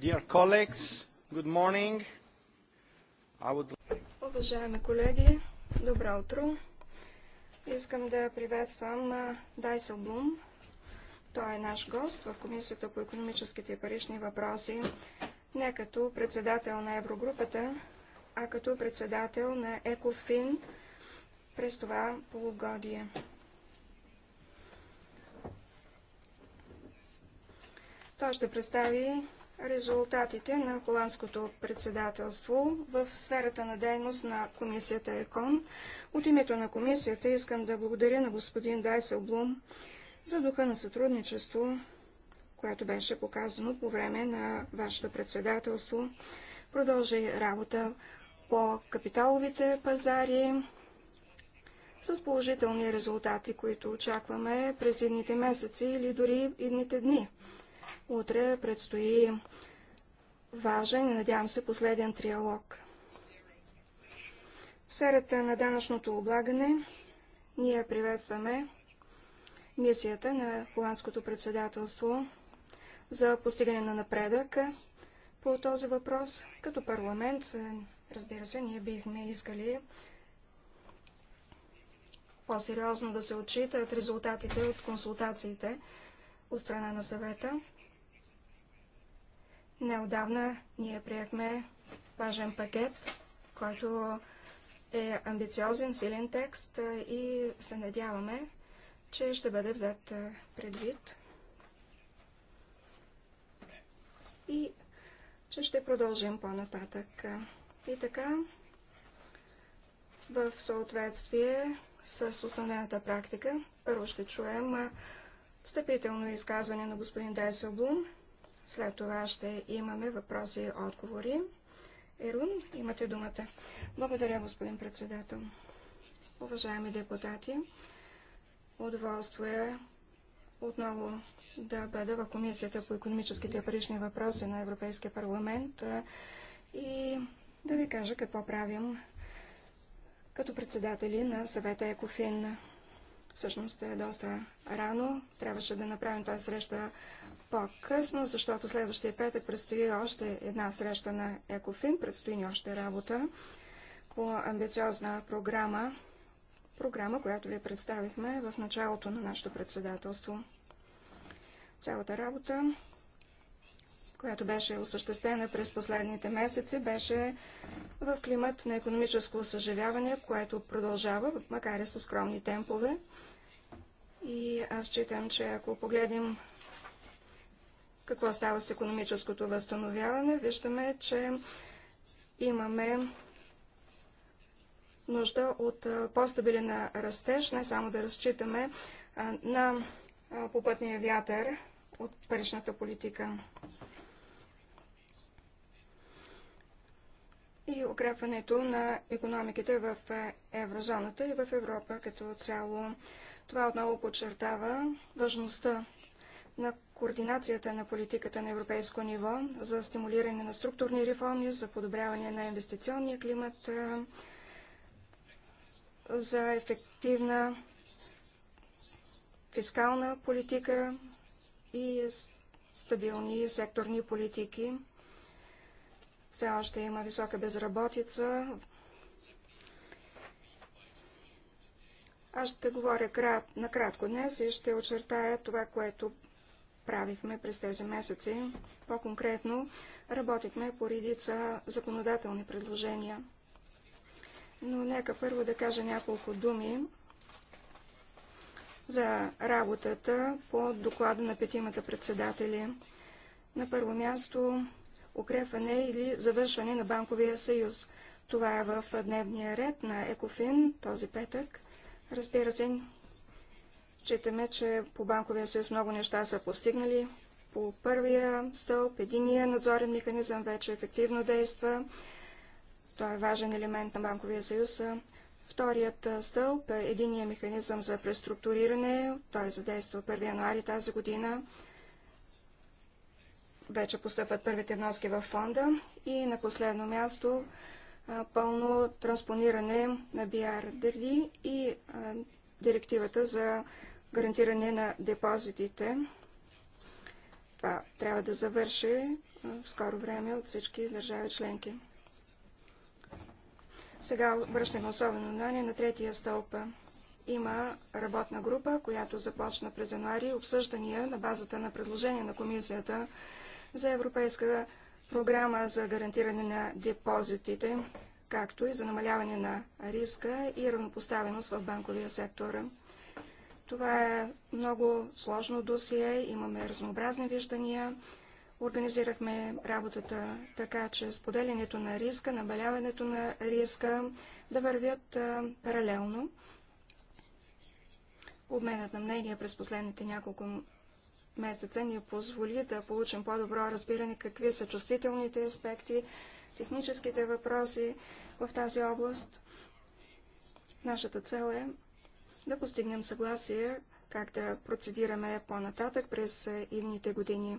Dear colleagues, good morning. I would... Уважаеми колеги, добро утро. Искам да приветствам Дайсел Блум. Той е наш гост в Комисията по економическите и парични въпроси не като председател на Еврогрупата, а като председател на ЕКОФИН през това полугодие. Той ще представи резултатите на холандското председателство в сферата на дейност на комисията ЕКОН. От името на комисията искам да благодаря на господин Дайсел Блум за духа на сътрудничество, което беше показано по време на вашето председателство. Продължи работа по капиталовите пазари с положителни резултати, които очакваме през едните месеци или дори едните дни. Утре предстои важен и надявам се последен триалог. В сферата на данъчното облагане ние приветстваме мисията на холандското председателство за постигане на напредък по този въпрос. Като парламент, разбира се, ние бихме искали по-сериозно да се отчитат резултатите от консултациите от страна на съвета. Неодавна ние приехме важен пакет, който е амбициозен, силен текст и се надяваме, че ще бъде взет предвид и че ще продължим по-нататък. И така, в съответствие с основната практика, първо ще чуем встъпително изказване на господин Блум. След това ще имаме въпроси и отговори. Ерун, имате думата. Благодаря, господин председател. Уважаеми депутати, удоволство е отново да бъда в Комисията по економическите и парични въпроси на Европейския парламент и да ви кажа какво правим като председатели на съвета ЕКОФИН. Всъщност е доста рано. Трябваше да направим тази среща по-късно, защото следващия петък предстои още една среща на Екофин, предстои ни още работа по амбициозна програма, програма, която ви представихме в началото на нашето председателство. Цялата работа, която беше осъществена през последните месеци, беше в климат на економическо съживяване, което продължава, макар и със скромни темпове. И аз считам, че ако погледнем какво става с економическото възстановяване, виждаме, че имаме нужда от по-стабилен растеж, не само да разчитаме на попътния вятър от паричната политика. и укрепването на економиките в еврозоната и в Европа като цяло. Това отново подчертава важността на координацията на политиката на европейско ниво за стимулиране на структурни реформи, за подобряване на инвестиционния климат, за ефективна фискална политика и стабилни секторни политики. Все още има висока безработица. Аз ще говоря накратко днес и ще очертая това, което правихме през тези месеци. По-конкретно работихме по редица законодателни предложения. Но нека първо да кажа няколко думи за работата по доклада на петимата председатели. На първо място укрепване или завършване на Банковия съюз. Това е в дневния ред на Екофин този петък. Разбира се, Считаме, че по Банковия съюз много неща са постигнали. По първия стълб, единия надзорен механизъм вече ефективно действа. Той е важен елемент на Банковия съюз. Вторият стълб е единия механизъм за преструктуриране. Той задейства 1 януари тази година. Вече постъпват първите вноски в фонда. И на последно място пълно транспониране на BRDD и директивата за гарантиране на депозитите. Това трябва да завърши в скоро време от всички държави членки. Сега обръщаме особено внимание на третия стълпа. Има работна група, която започна през януари обсъждания на базата на предложение на Комисията за Европейска програма за гарантиране на депозитите, както и за намаляване на риска и равнопоставеност в банковия сектор. Това е много сложно досие, имаме разнообразни виждания. Организирахме работата така, че споделянето на риска, намаляването на риска да вървят а, паралелно. Обменът на мнение през последните няколко месеца ни позволи да получим по-добро разбиране какви са чувствителните аспекти, техническите въпроси в тази област. Нашата цел е да постигнем съгласие как да процедираме по-нататък през идните години.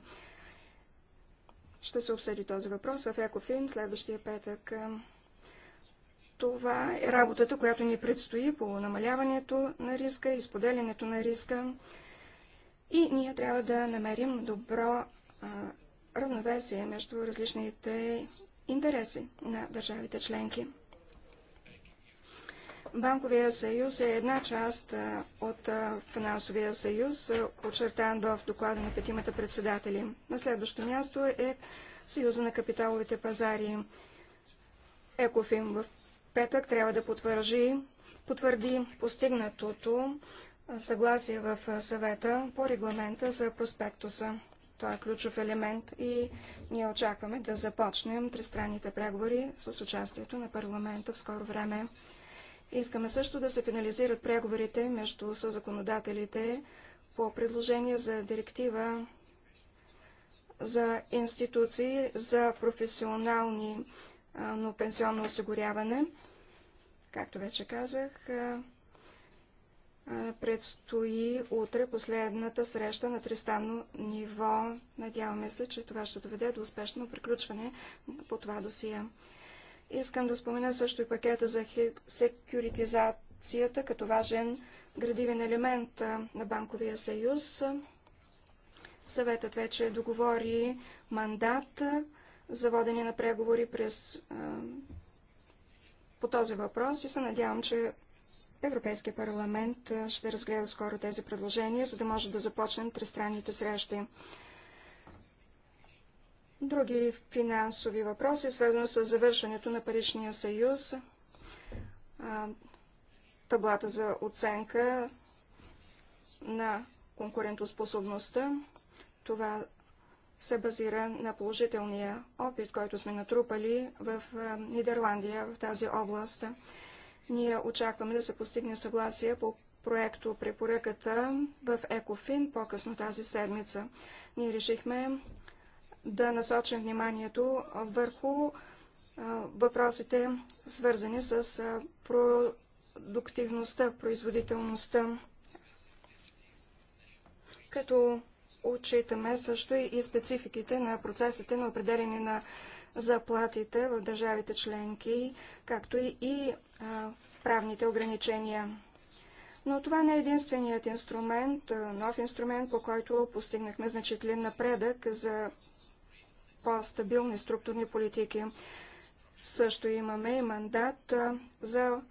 Ще се обсъди този въпрос в Екофин следващия петък. Това е работата, която ни предстои по намаляването на риска, изподелянето на риска. И ние трябва да намерим добро равновесие между различните интереси на държавите членки. Банковия съюз е една част от финансовия съюз, очертан в доклада на петимата председатели. На следващо място е Съюза на капиталовите пазари. Екофим в петък трябва да потвържи, потвърди постигнатото съгласие в съвета по регламента за проспектуса. Той е ключов елемент и ние очакваме да започнем тристранните преговори с участието на парламента в скоро време. Искаме също да се финализират преговорите между съзаконодателите по предложение за директива за институции за професионални но пенсионно осигуряване. Както вече казах, предстои утре последната среща на тристанно ниво. Надяваме се, че това ще доведе до успешно приключване по това досия. Искам да спомена също и пакета за секюритизацията като важен градивен елемент на Банковия съюз. Съветът вече договори мандат за водене на преговори през, по този въпрос и се надявам, че Европейския парламент ще разгледа скоро тези предложения, за да може да започнем тристранните срещи. Други финансови въпроси, свързани с завършването на Паричния съюз, таблата за оценка на конкурентоспособността. Това се базира на положителния опит, който сме натрупали в Нидерландия в тази област. Ние очакваме да се постигне съгласие по проекто препоръката в Екофин по-късно тази седмица. Ние решихме да насочим вниманието върху въпросите, свързани с продуктивността, производителността, като отчитаме също и спецификите на процесите на определене на заплатите в държавите членки, както и правните ограничения. Но това не е единственият инструмент, нов инструмент, по който постигнахме значителен напредък за по-стабилни структурни политики. Също имаме и мандат за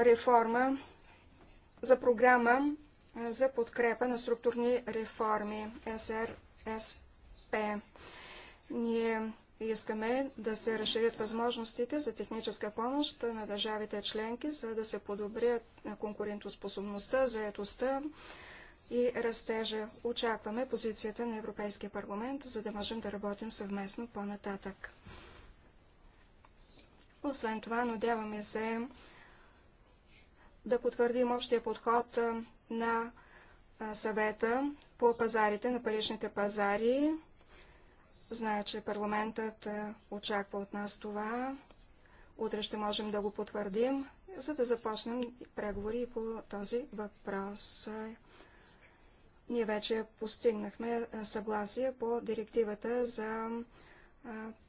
реформа, за програма за подкрепа на структурни реформи СРСП. Ние искаме да се разширят възможностите за техническа помощ на държавите членки, за да се подобрят конкурентоспособността, заетостта, и растежа. Очакваме позицията на Европейския парламент, за да можем да работим съвместно по-нататък. Освен това, надяваме се да потвърдим общия подход на съвета по пазарите на паричните пазари. Зная, че парламентът очаква от нас това. Утре ще можем да го потвърдим, за да започнем преговори по този въпрос. Ние вече постигнахме съгласие по директивата за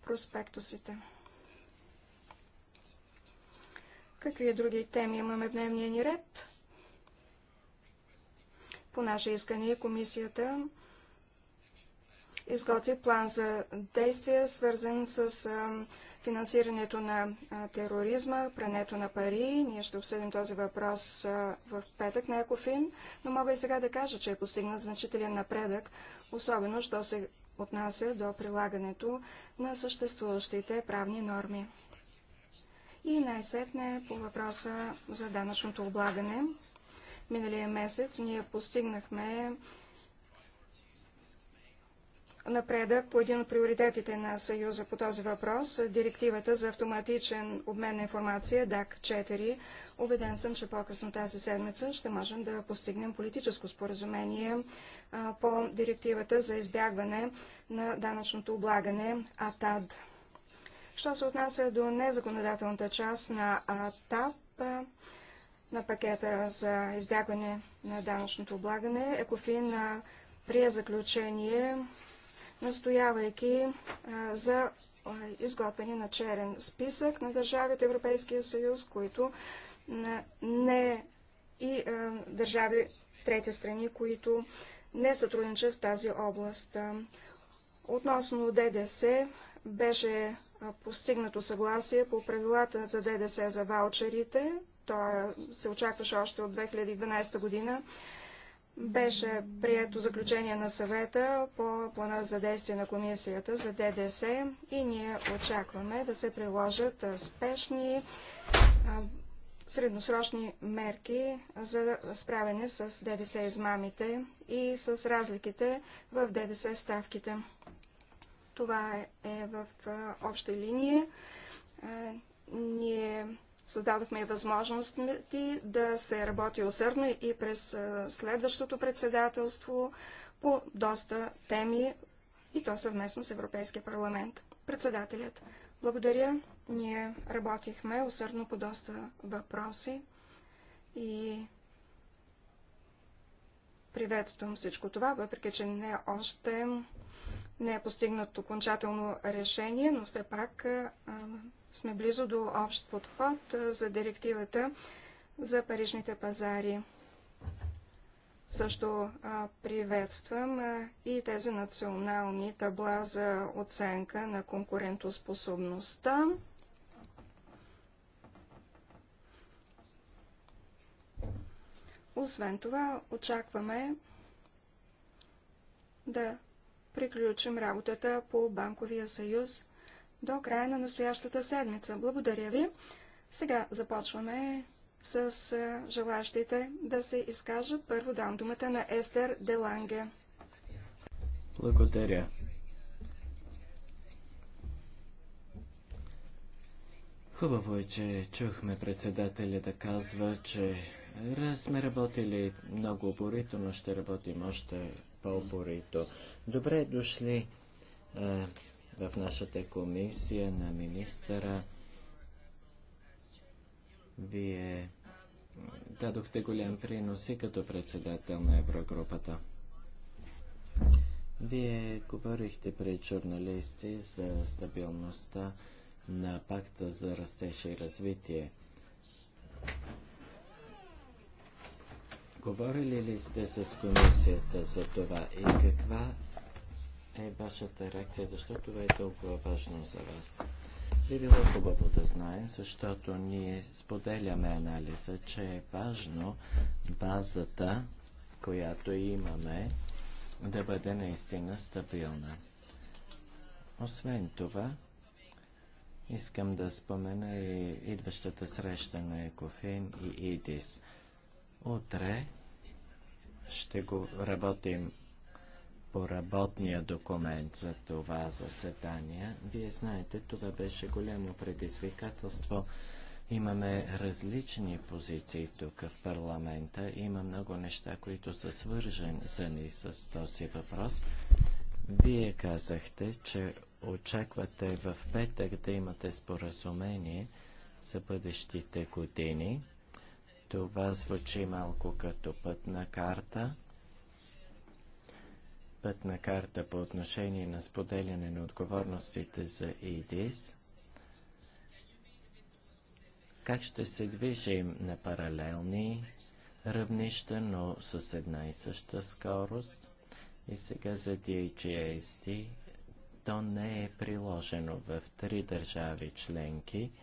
проспектусите. Какви други теми имаме в дневния ни ред? По наше искане комисията изготви план за действие, свързан с финансирането на тероризма, прането на пари. Ние ще обсъдим този въпрос в петък на Екофин, но мога и сега да кажа, че е постигнат значителен напредък, особено, що се отнася до прилагането на съществуващите правни норми. И най-сетне по въпроса за данъчното облагане. Миналия месец ние постигнахме напредък по един от приоритетите на Съюза по този въпрос, директивата за автоматичен обмен на информация DAC-4. Убеден съм, че по-късно тази седмица ще можем да постигнем политическо споразумение по директивата за избягване на данъчното облагане АТАД. Що се отнася до незаконодателната част на АТАП, на пакета за избягване на данъчното облагане, ЕКОФИН прие заключение настоявайки за изготвяне на черен списък на държави от Европейския съюз, които не и държави трети страни, които не сътрудничат в тази област. Относно ДДС беше постигнато съгласие по правилата за ДДС за ваучерите. той се очакваше още от 2012 година. Беше прието заключение на съвета по плана за действие на комисията за ДДС и ние очакваме да се приложат спешни средносрочни мерки за справяне с ДДС измамите и с разликите в ДДС ставките. Това е в общи линии. Ние Създадохме възможности да се работи усърдно и през следващото председателство по доста теми и то съвместно с Европейския парламент. Председателят, благодаря. Ние работихме усърдно по доста въпроси и приветствам всичко това, въпреки че не още не е постигнато окончателно решение, но все пак сме близо до общ подход за директивата за парижните пазари. Също приветствам и тези национални табла за оценка на конкурентоспособността. Освен това, очакваме да приключим работата по Банковия съюз до края на настоящата седмица. Благодаря ви. Сега започваме с желащите да се изкажат. Първо дам думата на Естер Деланге. Благодаря. Хубаво е, че чухме председателя да казва, че сме работили много упорито, но ще работим още Колборито. Добре дошли е, в нашата комисия на министъра. Вие дадохте голям принос и като председател на Еврогрупата. Вие говорихте пред журналисти за стабилността на пакта за растеж и развитие. Говорили ли сте с комисията за това и каква е вашата реакция? Защо това е толкова важно за вас? Би било хубаво да знаем, защото ние споделяме анализа, че е важно базата, която имаме, да бъде наистина стабилна. Освен това, искам да спомена и идващата среща на Екофин и ИДИС. Утре ще го работим по работния документ за това заседание. Вие знаете, това беше голямо предизвикателство. Имаме различни позиции тук в парламента. Има много неща, които са свържени с този въпрос. Вие казахте, че очаквате в петък да имате споразумение за бъдещите години. Това звучи малко като пътна карта. Пътна карта по отношение на споделяне на отговорностите за ИДИС. Как ще се движим на паралелни равнища, но с една и съща скорост? И сега за DGST то не е приложено в три държави членки –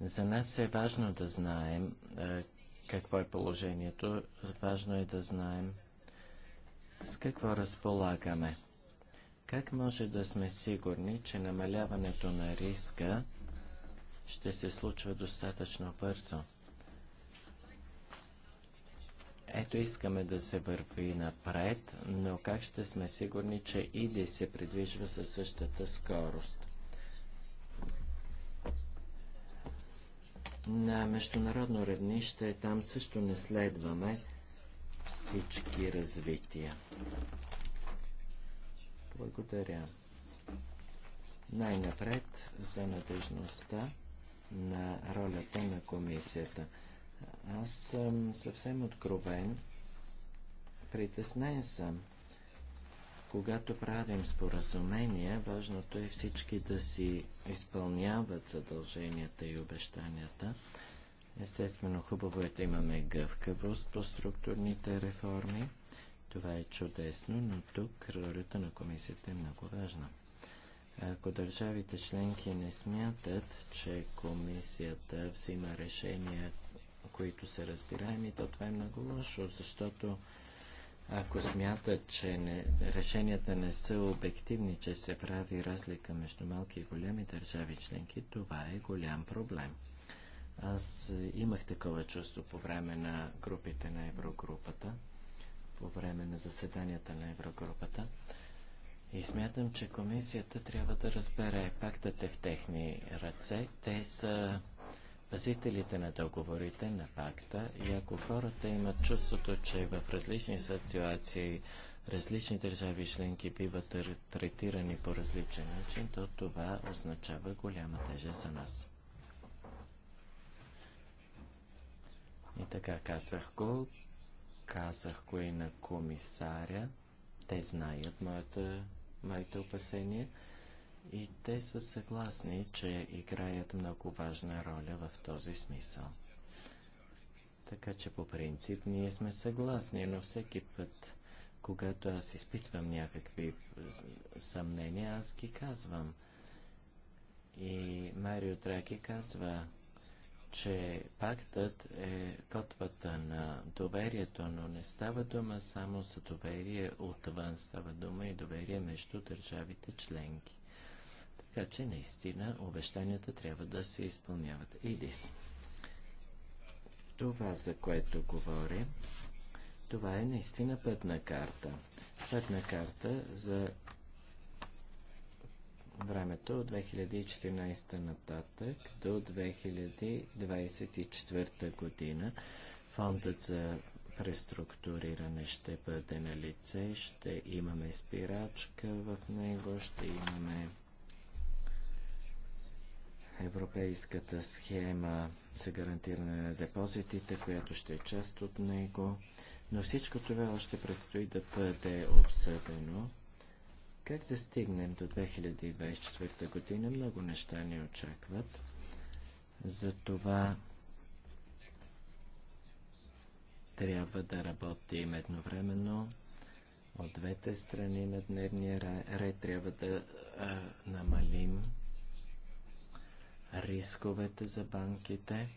За нас е важно да знаем е, какво е положението, важно е да знаем с какво разполагаме. Как може да сме сигурни, че намаляването на риска ще се случва достатъчно бързо? Ето искаме да се върви напред, но как ще сме сигурни, че ИДИ се придвижва със същата скорост? На международно равнище там също не следваме всички развития. Благодаря. Най-напред за надежността на ролята на комисията. Аз съм съвсем откровен. Притеснен съм. Когато правим споразумения, важното е всички да си изпълняват задълженията и обещанията. Естествено, хубаво е да имаме гъвкавост по структурните реформи. Това е чудесно, но тук ролята на комисията е много важна. Ако държавите членки не смятат, че комисията взима решения, които са разбираеми, то това е много лошо, защото ако смятат, че не, решенията не са обективни, че се прави разлика между малки и големи държави членки, това е голям проблем. Аз имах такова чувство по време на групите на Еврогрупата, по време на заседанията на Еврогрупата. И смятам, че комисията трябва да разбере пактът е в техни ръце. Те са пазителите на договорите, на пакта и ако хората имат чувството, че в различни ситуации различни държави членки биват третирани по различен начин, то това означава голяма тежест за нас. И така казах го, казах го и на комисаря. Те знаят моята, моите опасения. И те са съгласни, че играят много важна роля в този смисъл. Така че по принцип ние сме съгласни, но всеки път, когато аз изпитвам някакви съмнения, аз ги казвам. И Марио Драки казва, че пактът е котвата на доверието, но не става дума само за доверие отвън, става дума и доверие между държавите членки. Така че наистина обещанията трябва да се изпълняват. Идис. Това, за което говоря, това е наистина пътна карта. Пътна карта за времето от 2014 нататък до 2024 година. Фондът за преструктуриране ще бъде на лице, ще имаме спирачка в него, ще имаме европейската схема за гарантиране на депозитите, която ще е част от него. Но всичко това още предстои да бъде обсъдено. Как да стигнем до 2024 година? Много неща ни очакват. Затова трябва да работим едновременно. От двете страни на дневния ред трябва да а, намалим рисковете за банките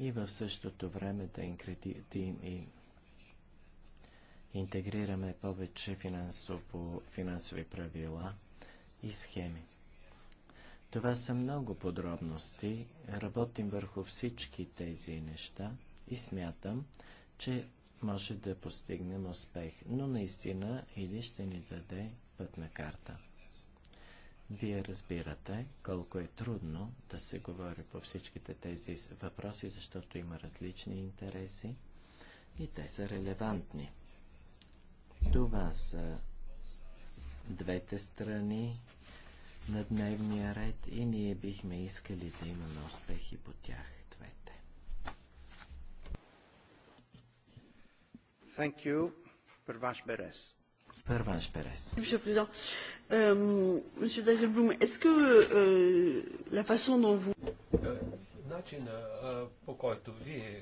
и в същото време да им интегрираме повече финансово, финансови правила и схеми. Това са много подробности. Работим върху всички тези неща и смятам, че може да постигнем успех, но наистина или ще ни даде пътна карта. Вие разбирате колко е трудно да се говори по всичките тези въпроси, защото има различни интереси и те са релевантни. Това са двете страни на дневния ред и ние бихме искали да имаме успехи по тях двете. Thank you, Първаш Берес. Първанш Перес. Начина по който вие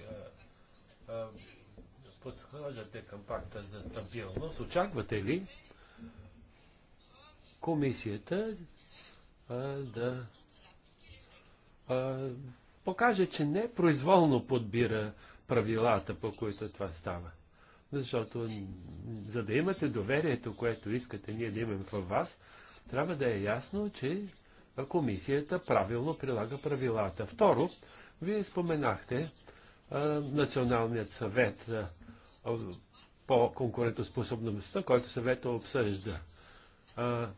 подхождате към пакта за стабилност, очаквате ли комисията да покаже, че не произволно подбира правилата, по които това става? Защото за да имате доверието, което искате ние да имаме в вас, трябва да е ясно, че комисията правилно прилага правилата. Второ, вие споменахте а, Националният съвет а, по конкурентоспособността, който съвета обсъжда. А,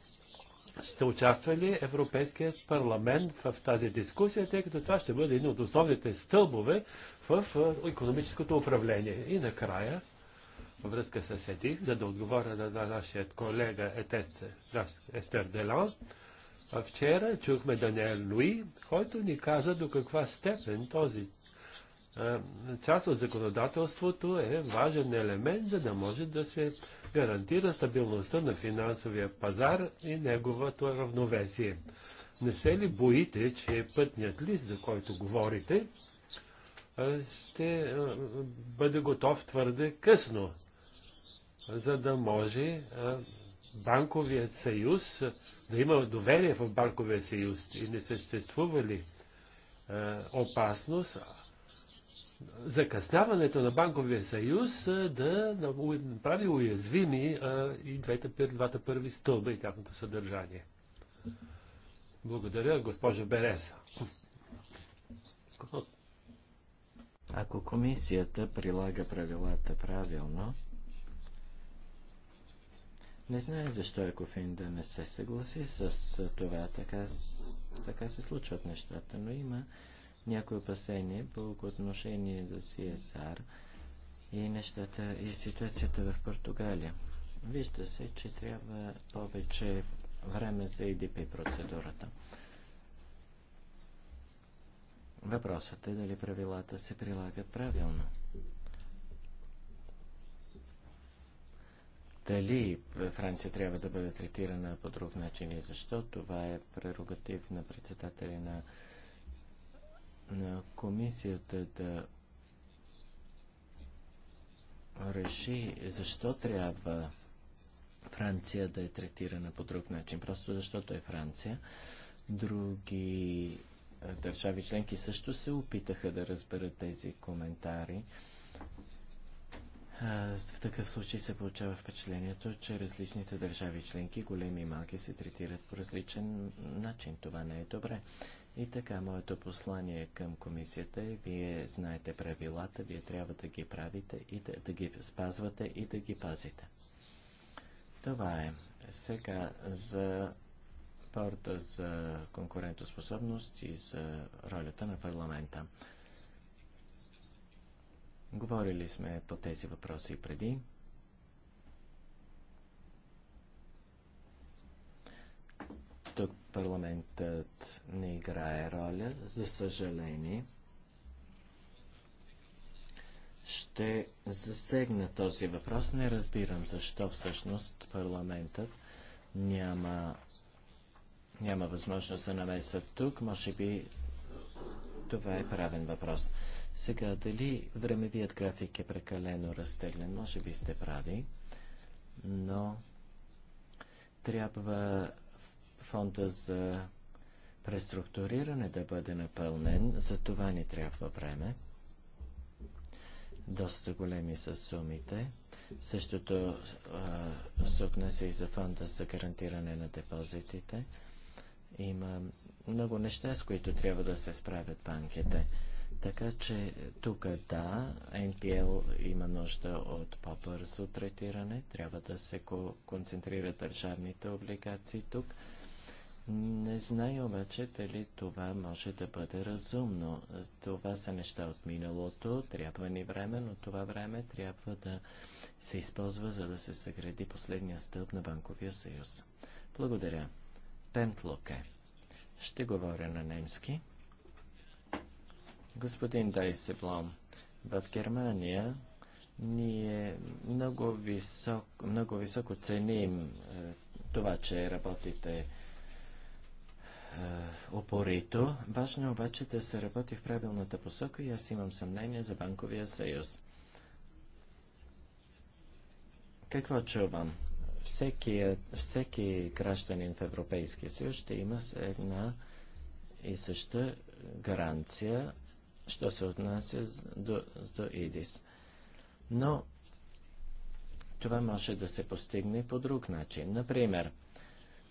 ще участва ли Европейският парламент в тази дискусия, тъй като това ще бъде един от основните стълбове в економическото управление. И накрая, връзка с ЕДИ, за да отговоря на, на нашия колега Естер Делан. Вчера чухме Даниел Луи, който ни каза до каква степен този част от законодателството е важен елемент, за да може да се гарантира стабилността на финансовия пазар и неговото равновесие. Не се ли боите, че пътният лист, за който говорите, ще бъде готов твърде късно, за да може банковият съюз, да има доверие в банковия съюз и не съществува ли опасност закъсняването на банковия съюз да направи уязвими и двете, двата първи стълба и тяхното съдържание. Благодаря, госпожа Береса. Ако комисията прилага правилата правилно, не знае защо Екофин да не се съгласи с това. Така, така се случват нещата, но има някои опасения по отношение за CSR и нещата и ситуацията в Португалия. Вижда се, че трябва повече време за ИДП процедурата. Въпросът е дали правилата се прилагат правилно. дали Франция трябва да бъде третирана по друг начин и защо. Това е прерогатив на председателя на, на комисията да реши защо трябва Франция да е третирана по друг начин. Просто защото е Франция. Други държави членки също се опитаха да разберат тези коментари. В такъв случай се получава впечатлението, че различните държави членки, големи и малки, се третират по различен начин. Това не е добре. И така, моето послание към комисията е, вие знаете правилата, вие трябва да ги правите и да, да ги спазвате и да ги пазите. Това е. Сега за порта за конкурентоспособност и за ролята на парламента. Говорили сме по тези въпроси преди. Тук парламентът не играе роля, за съжаление. Ще засегна този въпрос. Не разбирам защо всъщност парламентът няма, няма възможност за намеса тук. Може би това е правен въпрос. Сега, дали времевият график е прекалено разтеглен, може би сте прави, но трябва фонда за преструктуриране да бъде напълнен, за това ни трябва време. Доста големи са сумите. Същото а, се отнесе и за фонда за гарантиране на депозитите. Има много неща, с които трябва да се справят банките. Така че тук да, NPL има нужда от по-бързо третиране, трябва да се концентрира държавните облигации тук. Не зная обаче дали това може да бъде разумно. Това са неща от миналото, трябва ни време, но това време трябва да се използва, за да се съгради последния стълб на Банковия съюз. Благодаря. Пентлоке. Ще говоря на немски. Господин Дайсеблом, в Германия ние много, висок, много високо ценим е, това, че работите опорито. Е, Важно е обаче да се работи в правилната посока и аз имам съмнение за Банковия съюз. Какво чувам? Всеки, всеки гражданин в Европейския съюз ще има една и съща гаранция що се отнася до, до ИДИС. Но това може да се постигне по друг начин. Например,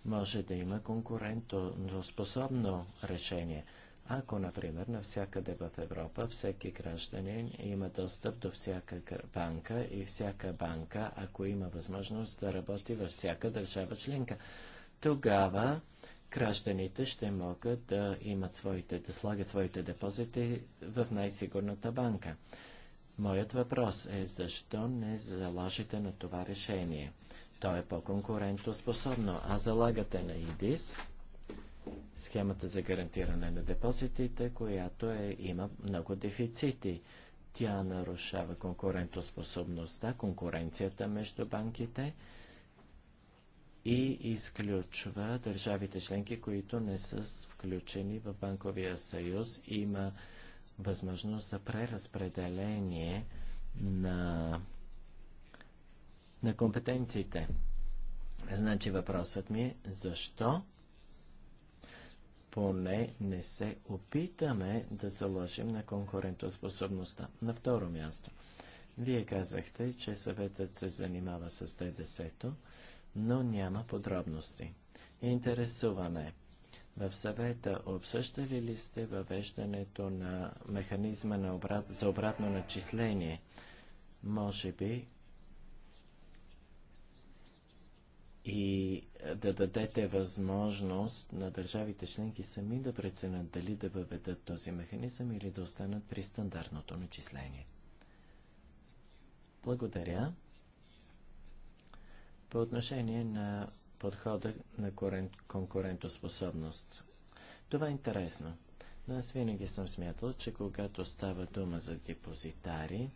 може да има конкурентоспособно решение. Ако, например, навсякъде в Европа всеки гражданин има достъп до всяка банка и всяка банка, ако има възможност да работи във всяка държава членка, тогава гражданите ще могат да имат своите, да слагат своите депозити в най-сигурната банка. Моят въпрос е защо не заложите на това решение? То е по-конкурентоспособно, а залагате на ИДИС, схемата за гарантиране на депозитите, която е, има много дефицити. Тя нарушава конкурентоспособността, конкуренцията между банките, и изключва държавите членки, които не са включени в Банковия съюз. Има възможност за преразпределение на, на компетенциите. Значи въпросът ми е защо поне не се опитаме да заложим на конкурентоспособността. На второ място. Вие казахте, че съветът се занимава с ДДС-то но няма подробности. Интересуваме. В съвета обсъждали ли сте въвеждането на механизма на обрат... за обратно начисление? Може би и да дадете възможност на държавите членки сами да преценят дали да въведат този механизъм или да останат при стандартното начисление. Благодаря. По отношение на подхода на конкурентоспособност. Това е интересно. Но аз винаги съм смятал, че когато става дума за депозитари,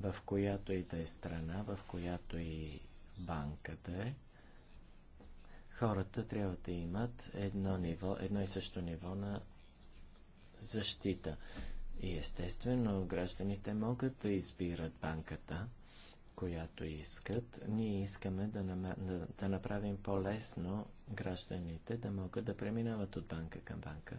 в която и да е страна, в която и банката е, хората трябва да имат едно, ниво, едно и също ниво на защита. И естествено, гражданите могат да избират банката, която искат. Ние искаме да, нам... да, да направим по-лесно гражданите да могат да преминават от банка към банка.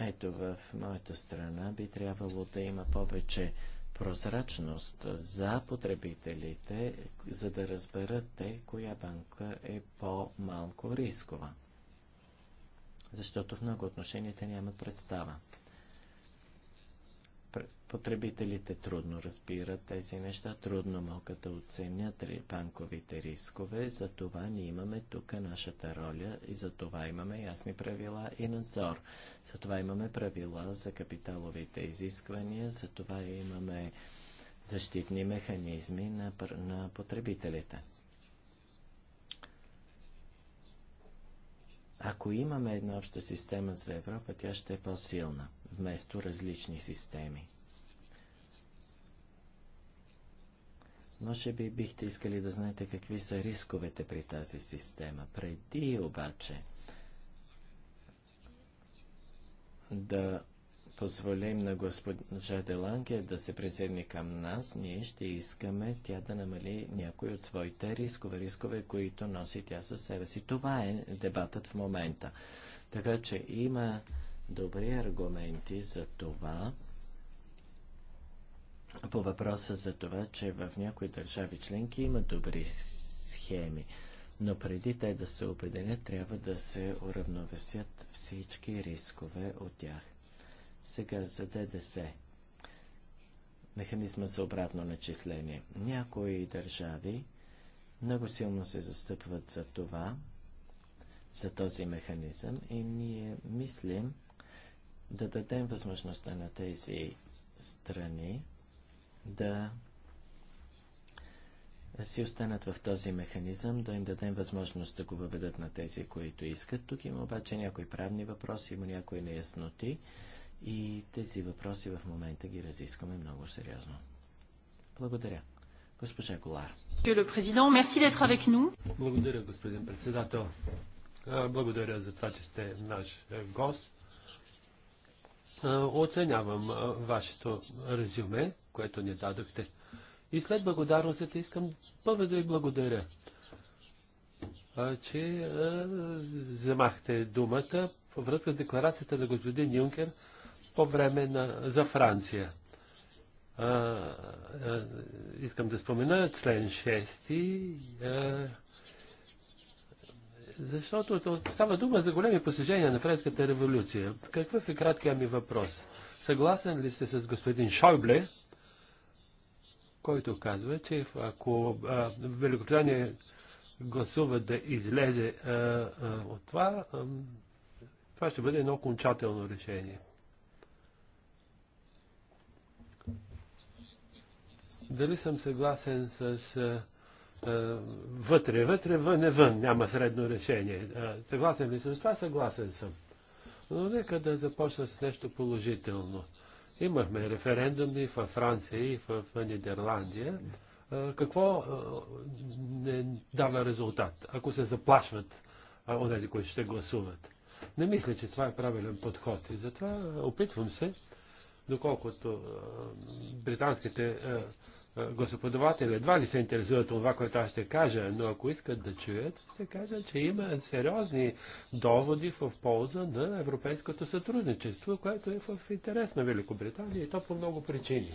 Ето в моята страна би трябвало да има повече прозрачност за потребителите, за да разберат те, коя банка е по-малко рискова. Защото в много отношения те нямат представа потребителите трудно разбират тези неща, трудно могат да оценят банковите рискове, за това ние имаме тук нашата роля и за това имаме ясни правила и надзор. За това имаме правила за капиталовите изисквания, за това имаме защитни механизми на, на потребителите. Ако имаме една обща система за Европа, тя ще е по-силна вместо различни системи. Може би бихте искали да знаете какви са рисковете при тази система. Преди обаче да позволим на госпожа Деланге да се присъедини към нас, ние ще искаме тя да намали някои от своите рискове, рискове, които носи тя със себе си. Това е дебатът в момента. Така че има добри аргументи за това, по въпроса за това, че в някои държави членки има добри схеми, но преди те да се обединят, трябва да се уравновесят всички рискове от тях. Сега за ДДС. Механизма за обратно начисление. Някои държави много силно се застъпват за това, за този механизъм и ние мислим, да дадем възможността на тези страни да си останат в този механизъм, да им дадем възможност да го въведат на тези, които искат. Тук има обаче някои правни въпроси, има някои неясноти и тези въпроси в момента ги разискваме много сериозно. Благодаря. Госпожа Голар. Благодаря, господин председател. Благодаря за това, че сте наш е, гост оценявам вашето резюме, което ни дадохте. И след благодарностите искам първо да ви благодаря, че вземахте думата във връзка с декларацията на господин Юнкер по време на, за Франция. А, а, искам да спомена член 6 защото става дума за големи постижения на Френската революция. Какъв е краткият ми въпрос? Съгласен ли сте с господин Шойбле, който казва, че ако Великобритания гласува да излезе а, а, от това, а, това ще бъде едно окончателно решение. Дали съм съгласен с вътре, вътре, вън не вън, няма средно решение. Съгласен ли съм с това? Съгласен съм. Но нека да започна с нещо положително. Имахме референдуми в Франция и в Нидерландия. Какво не дава резултат, ако се заплашват онези, които ще гласуват? Не мисля, че това е правилен подход. И затова опитвам се доколкото британските господаватели едва ли се интересуват това, което аз ще кажа, но ако искат да чуят, ще кажа, че има сериозни доводи в полза на европейското сътрудничество, което е в интерес на Великобритания и то по много причини.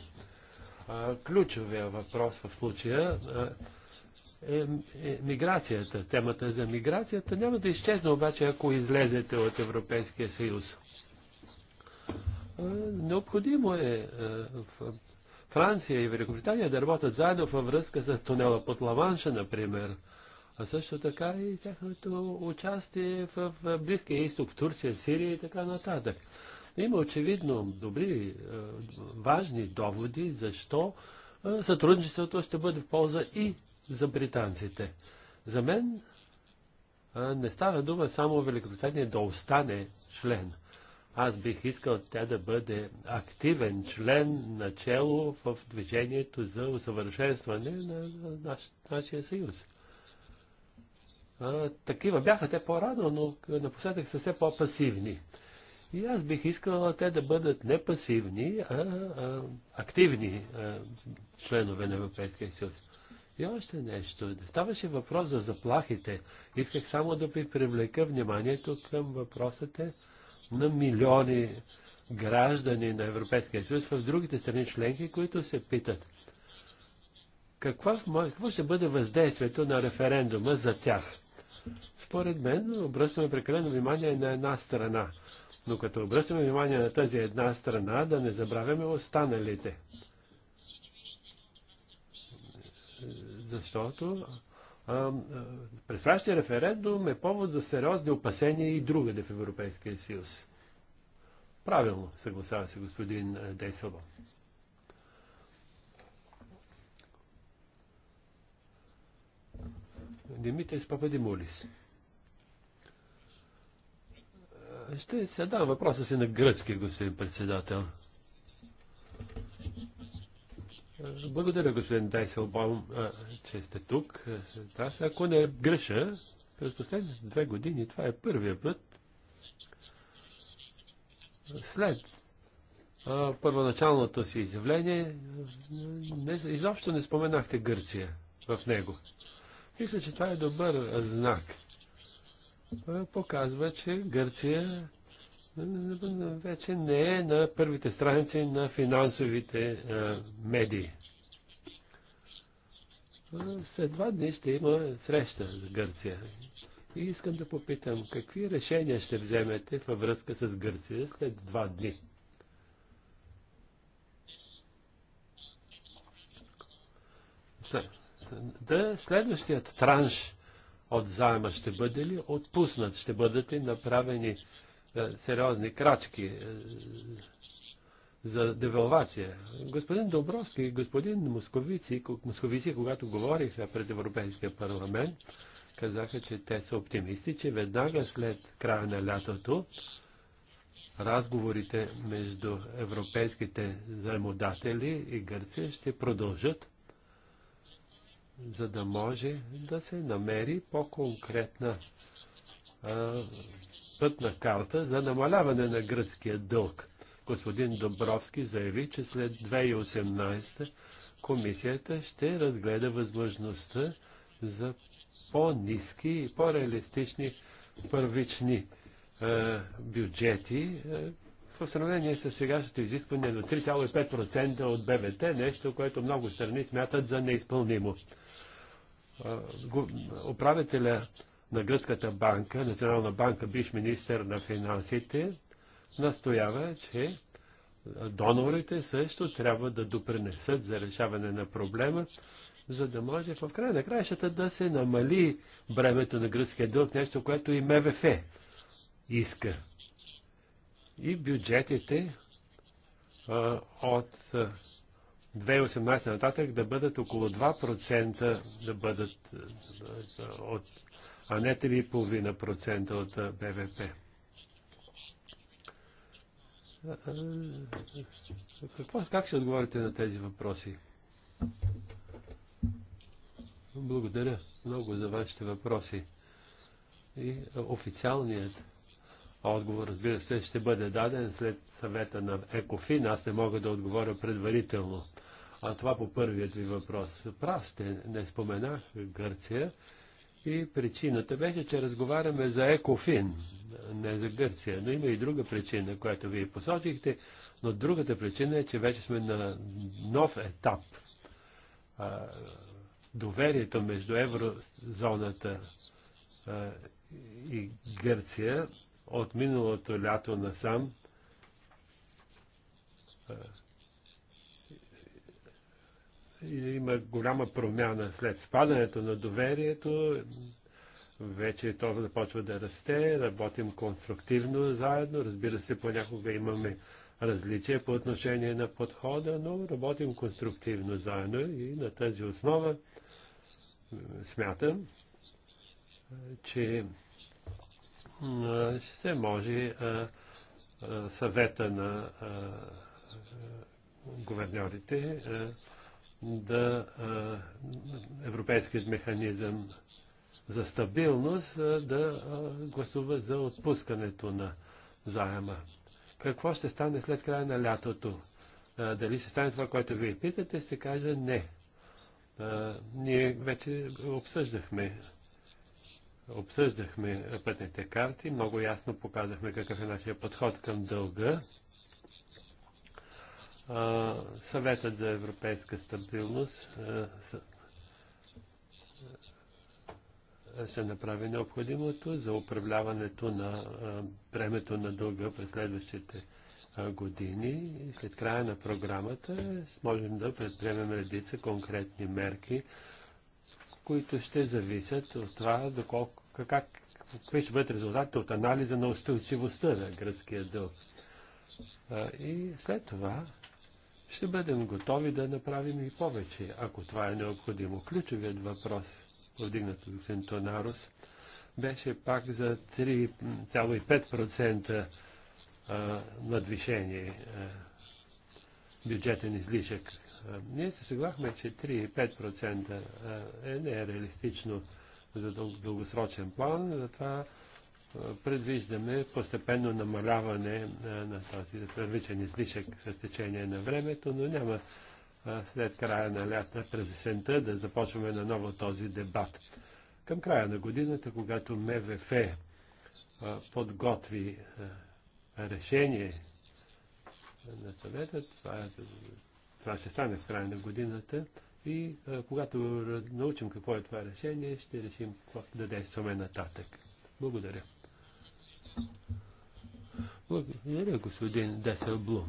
Ключовия въпрос в случая е, е миграцията, темата за миграцията. Няма да изчезне обаче, ако излезете от Европейския съюз. Е, необходимо е, е в Франция и Великобритания да работят заедно във връзка с тунела под Лаванша, например. А също така и тяхното участие в Близкия изток, в Турция, в Сирия и така нататък. Има очевидно добри, е, важни доводи, защо сътрудничеството ще бъде в полза и за британците. За мен не става дума само Великобритания да остане член. Аз бих искал тя да бъде активен член начало в движението за усъвършенстване на наш, нашия съюз. А, такива бяха те по-рано, но напоследък са все по-пасивни. И аз бих искала те да бъдат не пасивни, а, а активни а, членове на Европейския съюз. И още нещо. Ставаше въпрос за заплахите. Исках само да ви привлека вниманието към въпросите на милиони граждани на Европейския съюз в другите страни членки, които се питат какво, какво ще бъде въздействието на референдума за тях. Според мен обръщаме прекалено внимание на една страна, но като обръщаме внимание на тази една страна, да не забравяме останалите. Защото предстоящия референдум е повод за сериозни опасения и другаде в Европейския съюз. Правилно, съгласява се господин Дейселбо. Димитрис Пападимулис. Ще се дам въпроса си на гръцки, господин председател. Благодаря, господин Дайселбаум, че сте тук. Аз, ако не греша, през последните две години това е първия път след а, първоначалното си изявление не, изобщо не споменахте Гърция в него. Мисля, че това е добър знак. Показва, че Гърция вече не е на първите страници на финансовите е, а, медии. След два дни ще има среща с Гърция. И искам да попитам, какви решения ще вземете във връзка с Гърция след два дни? да, следващият транш от заема ще бъде ли отпуснат? Ще бъдат ли направени е, сериозни крачки е, за девалвация. Господин Добровски и господин Московици, Московици, когато говориха пред Европейския парламент, казаха, че те са оптимисти, че веднага след края на лятото разговорите между европейските заемодатели и Гърция ще продължат, за да може да се намери по-конкретна пътна карта за намаляване на гръцкия дълг. Господин Добровски заяви, че след 2018 комисията ще разгледа възможността за по-низки и по-реалистични първични е, бюджети е, в сравнение с сегашното изискване на 3,5% от БВТ, нещо, което много страни смятат за неизпълнимо. Е, управителя на Гръцката банка, Национална банка, биш министър на финансите, настоява, че донорите също трябва да допринесат за решаване на проблема, за да може в край на краищата да се намали бремето на гръцкия дълг, нещо, което и МВФ иска. И бюджетите а, от 2018 нататък да бъдат около 2% да бъдат а, от а не 3,5% от БВП. Какво, как ще отговорите на тези въпроси? Благодаря много за вашите въпроси. И официалният отговор, разбира се, ще бъде даден след съвета на ЕКОФИН. Аз не мога да отговоря предварително. А това по първият ви въпрос. Прав сте, не споменах Гърция и причината беше, че разговаряме за Екофин, не за Гърция. Но има и друга причина, която вие посочихте, но другата причина е, че вече сме на нов етап. А, доверието между еврозоната а, и Гърция от миналото лято насам а, има голяма промяна след спадането на доверието. Вече то започва да расте, работим конструктивно заедно. Разбира се, понякога имаме различия по отношение на подхода, но работим конструктивно заедно и на тази основа смятам, че ще се може съвета на гуверньорите да европейският механизъм за стабилност да гласува за отпускането на заема. Какво ще стане след края на лятото? Дали ще стане това, което вие питате, ще кажа не. Ние вече обсъждахме обсъждахме пътните карти, много ясно показахме какъв е нашия подход към дълга съветът за европейска стабилност ще направи необходимото за управляването на времето на дълга през следващите години. И след края на програмата можем да предприемем редица конкретни мерки, които ще зависят от това доколко, как, какви ще бъдат резултатите от анализа на устойчивостта на гръцкия дълг. И след това ще бъдем готови да направим и повече, ако това е необходимо. Ключовият въпрос, повдигнат от Сентонарус, Тонарус, беше пак за 3,5% надвишение бюджетен излишък. Ние се съглахме, че 3,5% е нереалистично за дългосрочен план, затова предвиждаме постепенно намаляване на, този първичен излишък с течение на времето, но няма след края на лята, през есента, да започваме на ново този дебат. Към края на годината, когато МВФ подготви решение на съвета, това, ще стане в края на годината, и когато научим какво е това решение, ще решим да действаме нататък. Благодаря. Благодаря, господин Деселблум.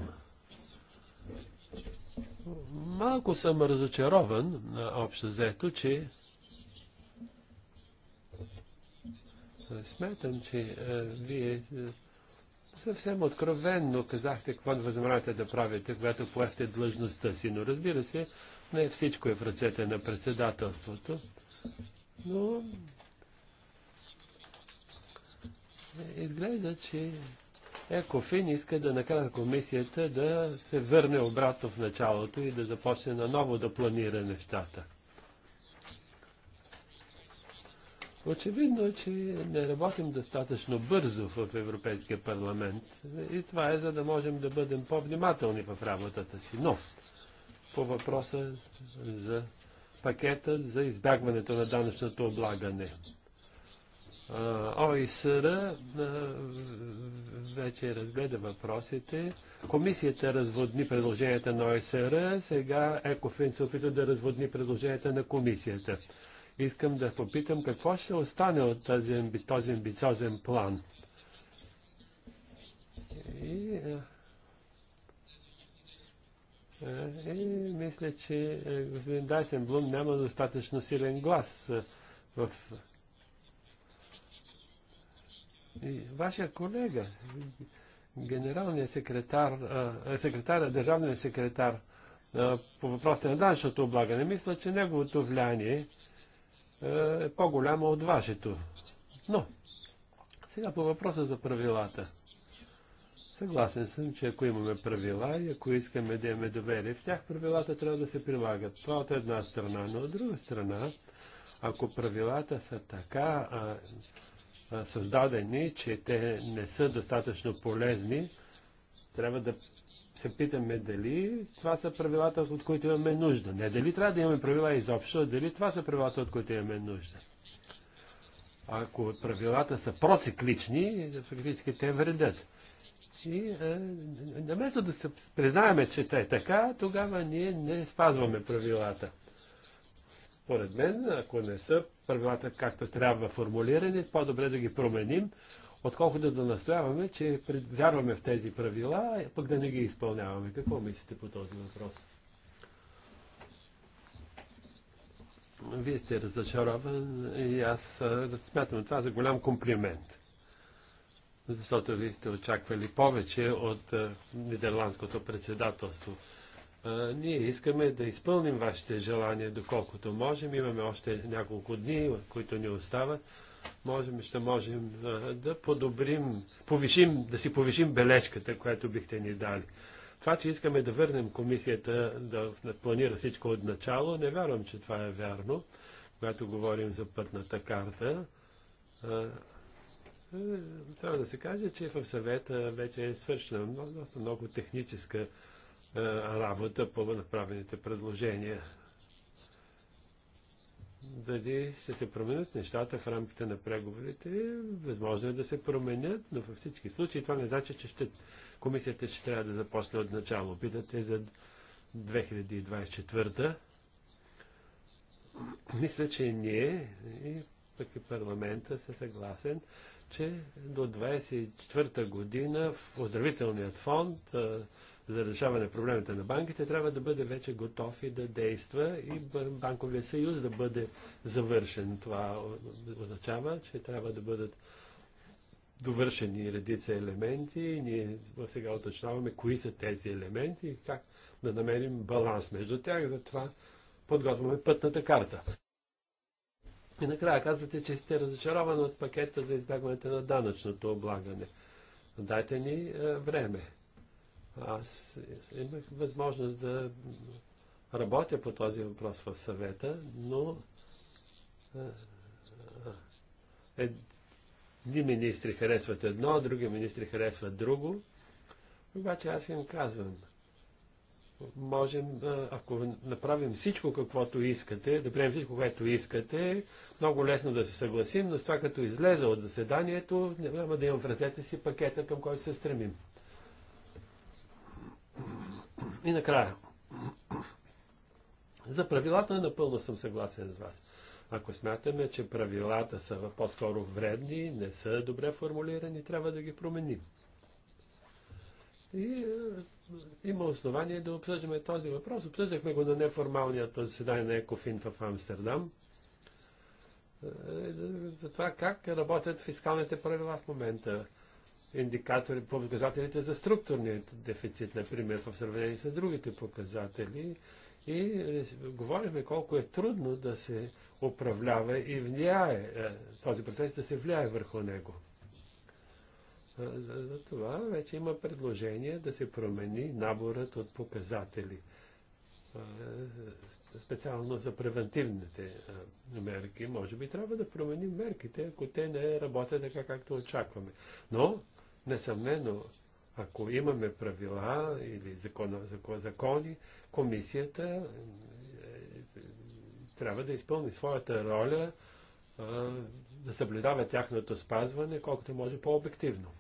Малко съм разочарован на общо взето, че сметам, че е, вие е, съвсем откровенно казахте какво не възмравате да правите, когато поехте длъжността си. Но разбира се, не всичко е в ръцете на председателството. Но Изглежда, че Кофин, иска да накара комисията да се върне обратно в началото и да започне наново да планира нещата. Очевидно е, че не работим достатъчно бързо в Европейския парламент и това е за да можем да бъдем по-внимателни в работата си. Но по въпроса за пакета за избягването на данъчното облагане. ОИСР вече разгледа въпросите. Комисията разводни предложенията на ОИСР, сега Екофин се опита да разводни предложенията на комисията. Искам да попитам какво ще остане от тази, този амбициозен план. И, и мисля, че господин Дайсен Блум няма достатъчно силен глас в и вашия колега, генералният секретар, секретар, държавният секретар по въпросите на данъчното облагане, мисля, че неговото влияние е по-голямо от вашето. Но, сега по въпроса за правилата. Съгласен съм, че ако имаме правила и ако искаме да имаме доверие в тях, правилата трябва да се прилагат. Това от една страна, но от друга страна, ако правилата са така а, създадени, че те не са достатъчно полезни, трябва да се питаме дали това са правилата, от които имаме нужда. Не дали трябва да имаме правила изобщо, а дали това са правилата, от които имаме нужда. Ако правилата са проциклични, фактически те вредят. И е, наместо да се признаеме, че те е така, тогава ние не спазваме правилата. Според мен, ако не са правилата както трябва формулирани, по-добре да ги променим, отколкото да настояваме, че вярваме в тези правила, пък да не ги изпълняваме. Какво мислите по този въпрос? Вие сте разочарован и аз смятам това за голям комплимент. Защото вие сте очаквали повече от нидерландското председателство ние искаме да изпълним вашите желания доколкото можем. Имаме още няколко дни, които ни остават. Можем, ще можем да подобрим, повишим, да си повишим бележката, която бихте ни дали. Това, че искаме да върнем комисията да планира всичко от начало, не вярвам, че това е вярно, когато говорим за пътната карта. Е, трябва да се каже, че в съвета вече е свършена много, много техническа е, работа по направените предложения. Дали ще се променят нещата в рамките на преговорите? Възможно е да се променят, но във всички случаи това не значи, че ще, комисията ще трябва да започне от начало. Питате за 2024. Мисля, че ние и пък и парламента са съгласен, че до 2024 година в оздравителният фонд за решаване проблемите на банките, трябва да бъде вече готов и да действа и банковия съюз да бъде завършен. Това означава, че трябва да бъдат довършени редица елементи. Ние сега уточняваме кои са тези елементи и как да намерим баланс между тях. Затова подготвяме пътната карта. И накрая казвате, че сте разочаровани от пакета за избягването на данъчното облагане. Дайте ни е, време. Аз имах възможност да работя по този въпрос в съвета, но едни министри харесват едно, други министри харесват друго. Обаче аз им казвам, можем, ако направим всичко, каквото искате, да приемем всичко, което искате, много лесно да се съгласим, но с това като излезе от заседанието, няма да имам в ръцете си пакета, към който се стремим. И накрая. За правилата напълно съм съгласен с вас. Ако смятаме, че правилата са по-скоро вредни, не са добре формулирани, трябва да ги променим. И е, има основание да обсъждаме този въпрос. Обсъждахме го на този заседание на Екофин в Амстердам. Е, за това как работят фискалните правила в момента индикатори, по показателите за структурния дефицит, например, в сравнение с другите показатели. И говорихме колко е трудно да се управлява и влияе, е, този процес да се влияе върху него. За това вече има предложение да се промени наборът от показатели, специално за превентивните мерки. Може би трябва да променим мерките, ако те не работят така, както очакваме. Но Несъмнено, ако имаме правила или закон, закони, комисията е, е, трябва да изпълни своята роля е, да съблюдава тяхното спазване колкото може по-обективно.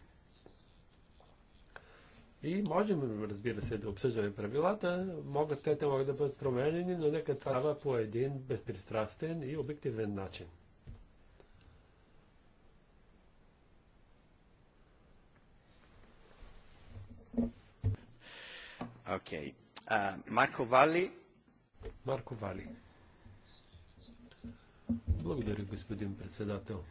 И можем, разбира се, да обсъждаме правилата. Могат, те, те могат да бъдат променени, но нека това по един безпристрастен и обективен начин. Okay. Uh, Марко Вали. Марко Вали. Благодаря, господин председател.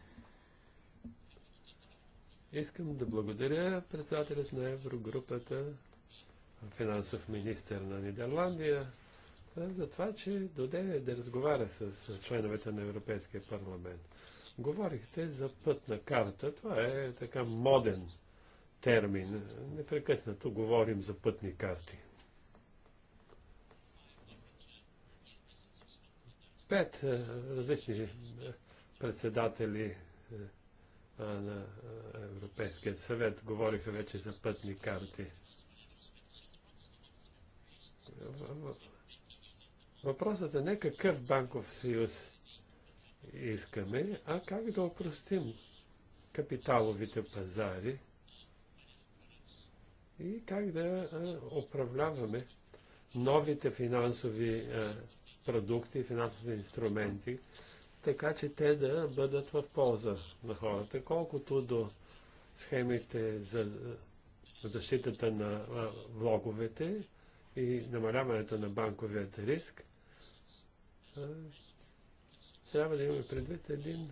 Искам да благодаря председателят на Еврогрупата, финансов министр на Нидерландия, за това, че доде да разговаря с членовете на Европейския парламент. Говорихте за пътна карта. Това е така моден термин. Непрекъснато говорим за пътни карти. пет е, различни е, председатели е, на Европейския съвет говориха вече за пътни карти. Въпросът е не какъв банков съюз искаме, а как да опростим капиталовите пазари и как да управляваме новите финансови продукти, финансови инструменти, така че те да бъдат в полза на хората. Колкото до схемите за защитата на влоговете и намаляването на банковият риск, трябва да имаме предвид един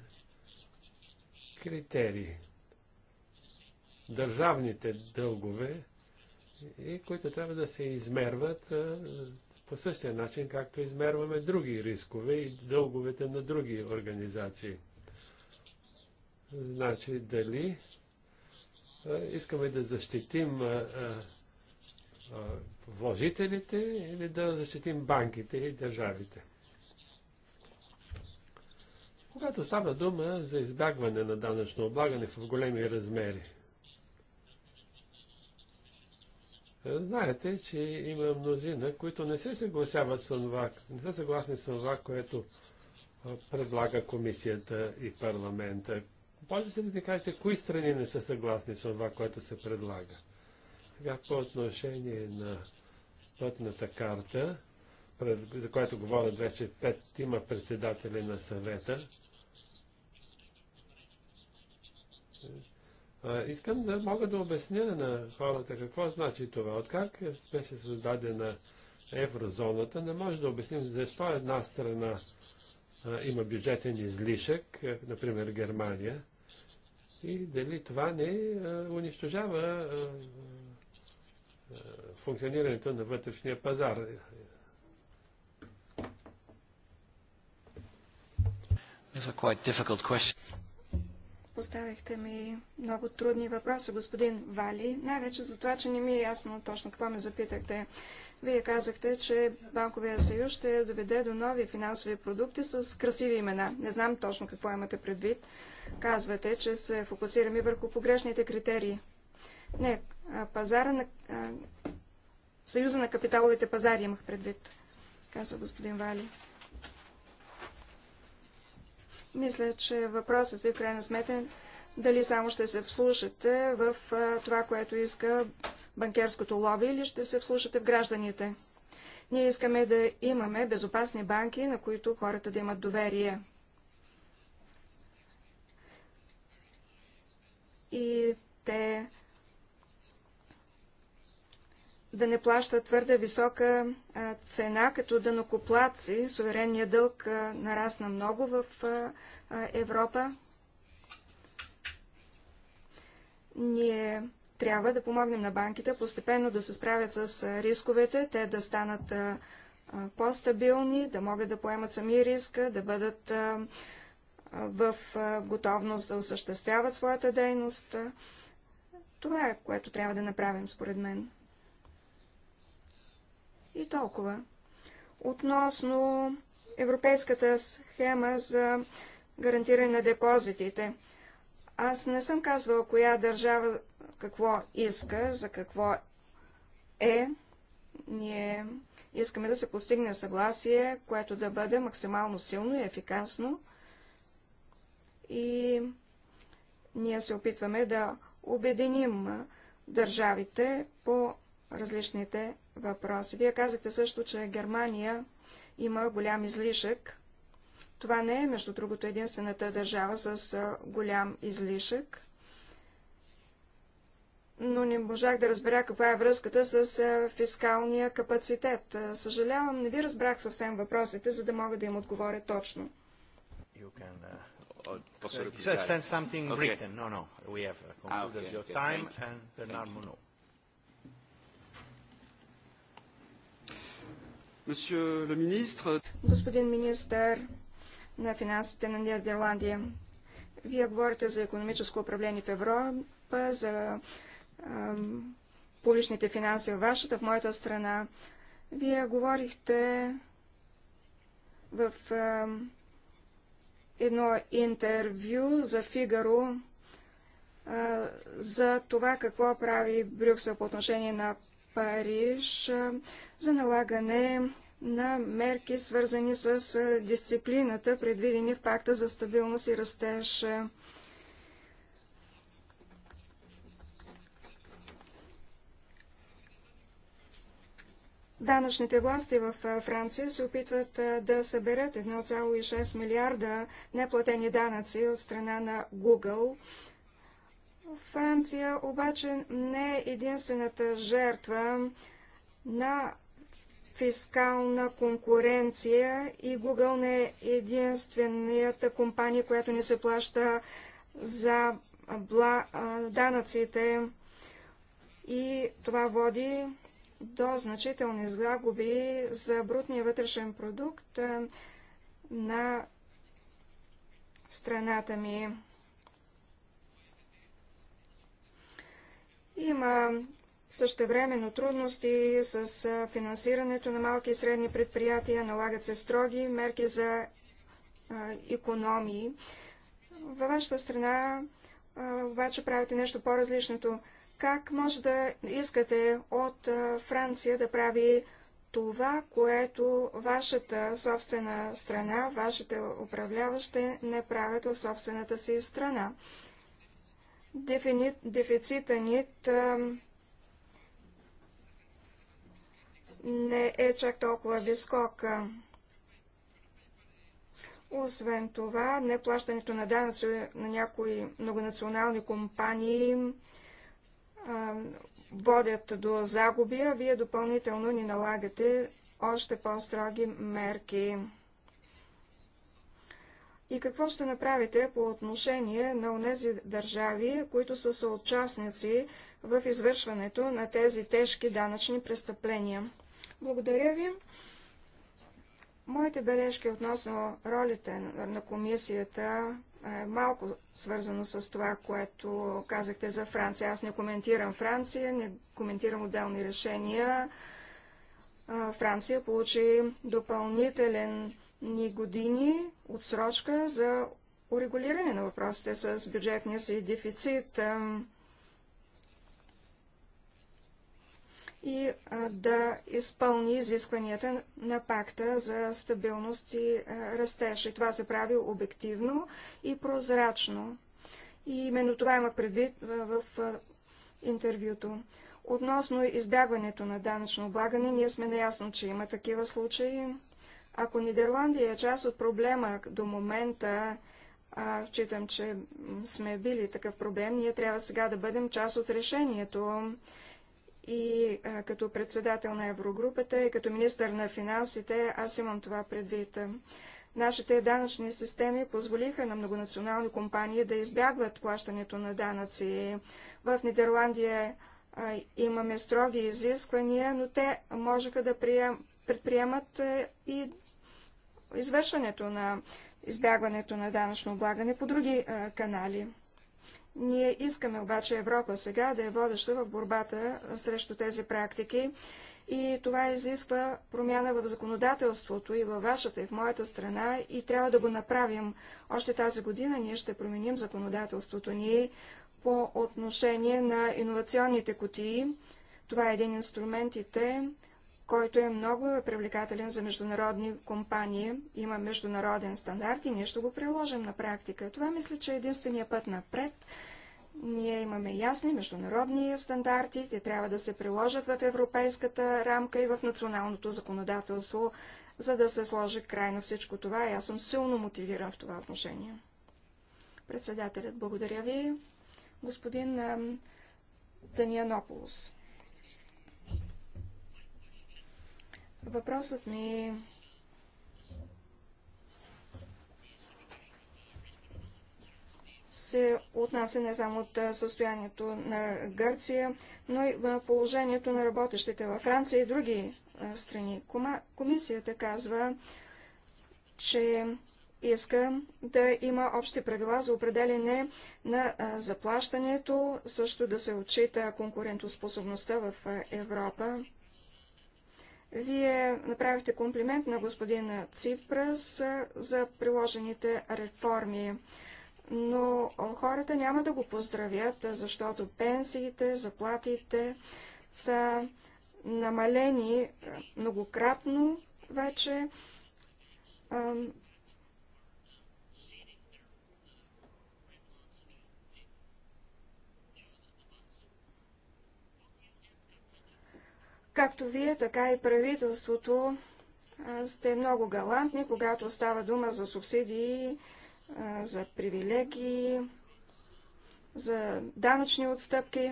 критерий. Държавните дългове, и които трябва да се измерват по същия начин, както измерваме други рискове и дълговете на други организации. Значи, дали искаме да защитим вложителите или да защитим банките и държавите. Когато става дума за избягване на данъчно облагане в големи размери – Е, знаете, че има мнозина, които не се съгласяват с това, не са съгласни с това, което предлага комисията и парламента. Можете ли да кажете, кои страни не са съгласни с това, което се предлага? Сега по отношение на пътната карта, за която говорят вече пет има председатели на съвета, Искам да мога да обясня на хората какво значи това. Откак беше създадена еврозоната, не може да обясним защо една страна а, има бюджетен излишък, например Германия, и дали това не а, унищожава функционирането на вътрешния пазар. Поставихте ми много трудни въпроси, господин Вали, най-вече за това, че не ми е ясно точно какво ме запитахте. Вие казахте, че Банковия съюз ще доведе до нови финансови продукти с красиви имена. Не знам точно какво имате предвид. Казвате, че се фокусираме върху погрешните критерии. Не, пазара на... Съюза на капиталовите пазари имах предвид, казва господин Вали. Мисля, че въпросът ви в крайна сметка е дали само ще се вслушате в това, което иска банкерското лоби или ще се вслушате в гражданите. Ние искаме да имаме безопасни банки, на които хората да имат доверие. И те да не плаща твърде висока цена, като дънокоплаци. Суверенният дълг нарасна много в Европа. Ние трябва да помогнем на банките постепенно да се справят с рисковете, те да станат по-стабилни, да могат да поемат сами риска, да бъдат в готовност да осъществяват своята дейност. Това е, което трябва да направим, според мен. И толкова. Относно европейската схема за гарантиране на депозитите. Аз не съм казвала коя държава какво иска, за какво е. Ние искаме да се постигне съгласие, което да бъде максимално силно и ефикасно. И ние се опитваме да обединим държавите по различните въпрос. Вие казахте също, че Германия има голям излишък. Това не е, между другото, единствената държава с голям излишък. Но не можах да разбера каква е връзката с фискалния капацитет. Съжалявам, не ви разбрах съвсем въпросите, за да мога да им отговоря точно. Just uh, send something okay. No, no. We have concluded ah, okay, your okay, and Bernard Monod. Господин министър на финансите на Нидерландия, вие говорите за економическо управление в Европа, за ам, публичните финанси в вашата, в моята страна. Вие говорихте в едно интервю за Фигаро за това какво прави Брюксел по отношение на Париж за налагане на мерки, свързани с дисциплината, предвидени в пакта за стабилност и растеж. Данъчните власти в Франция се опитват да съберат 1,6 милиарда неплатени данъци от страна на Google. Франция обаче не е единствената жертва на фискална конкуренция и Google не е единствената компания, която не се плаща за бла... данъците. И това води до значителни загуби за брутния вътрешен продукт на страната ми. Има Същевременно трудности с финансирането на малки и средни предприятия налагат се строги мерки за економии. Във вашата страна обаче правите нещо по-различното. Как може да искате от Франция да прави това, което вашата собствена страна, вашите управляващи не правят в собствената си страна? Дефицита ни не е чак толкова висока. Освен това, неплащането на данъци на някои многонационални компании а, водят до загуби, а вие допълнително ни налагате още по-строги мерки. И какво ще направите по отношение на онези държави, които са съучастници в извършването на тези тежки данъчни престъпления? Благодаря ви. Моите бележки относно ролите на комисията е малко свързано с това, което казахте за Франция. Аз не коментирам Франция, не коментирам отделни решения. Франция получи допълнителен ни години отсрочка за урегулиране на въпросите с бюджетния си дефицит. и да изпълни изискванията на пакта за стабилност и растеж. И това се прави обективно и прозрачно. И именно това има предвид в интервюто. Относно избягването на данъчно облагане, ние сме наясно, че има такива случаи. Ако Нидерландия е част от проблема до момента, а, читам, че сме били такъв проблем, ние трябва сега да бъдем част от решението и а, като председател на Еврогрупата и като министър на финансите аз имам това предвид. Нашите данъчни системи позволиха на многонационални компании да избягват плащането на данъци. В Нидерландия а, имаме строги изисквания, но те можеха да прием, предприемат а, е, и извършването на избягването на данъчно облагане по други канали. Ние искаме обаче Европа сега да е водеща в борбата срещу тези практики и това изисква промяна в законодателството и във вашата и в моята страна и трябва да го направим. Още тази година ние ще променим законодателството ни по отношение на иновационните кутии. Това е един инструментите, който е много привлекателен за международни компании. Има международен стандарт и ние ще го приложим на практика. Това мисля, че е единствения път напред. Ние имаме ясни международни стандарти, те трябва да се приложат в европейската рамка и в националното законодателство, за да се сложи край на всичко това и аз съм силно мотивиран в това отношение. Председателят, благодаря ви. Господин Занианополос. Въпросът ми е, се отнася не само от състоянието на Гърция, но и положението на работещите във Франция и други страни. Комисията казва, че иска да има общи правила за определене на заплащането, също да се отчита конкурентоспособността в Европа. Вие направихте комплимент на господин Ципрас за приложените реформи, но хората няма да го поздравят, защото пенсиите, заплатите са намалени многократно вече. Както вие, така и правителството сте много галантни, когато става дума за субсидии, за привилегии, за данъчни отстъпки,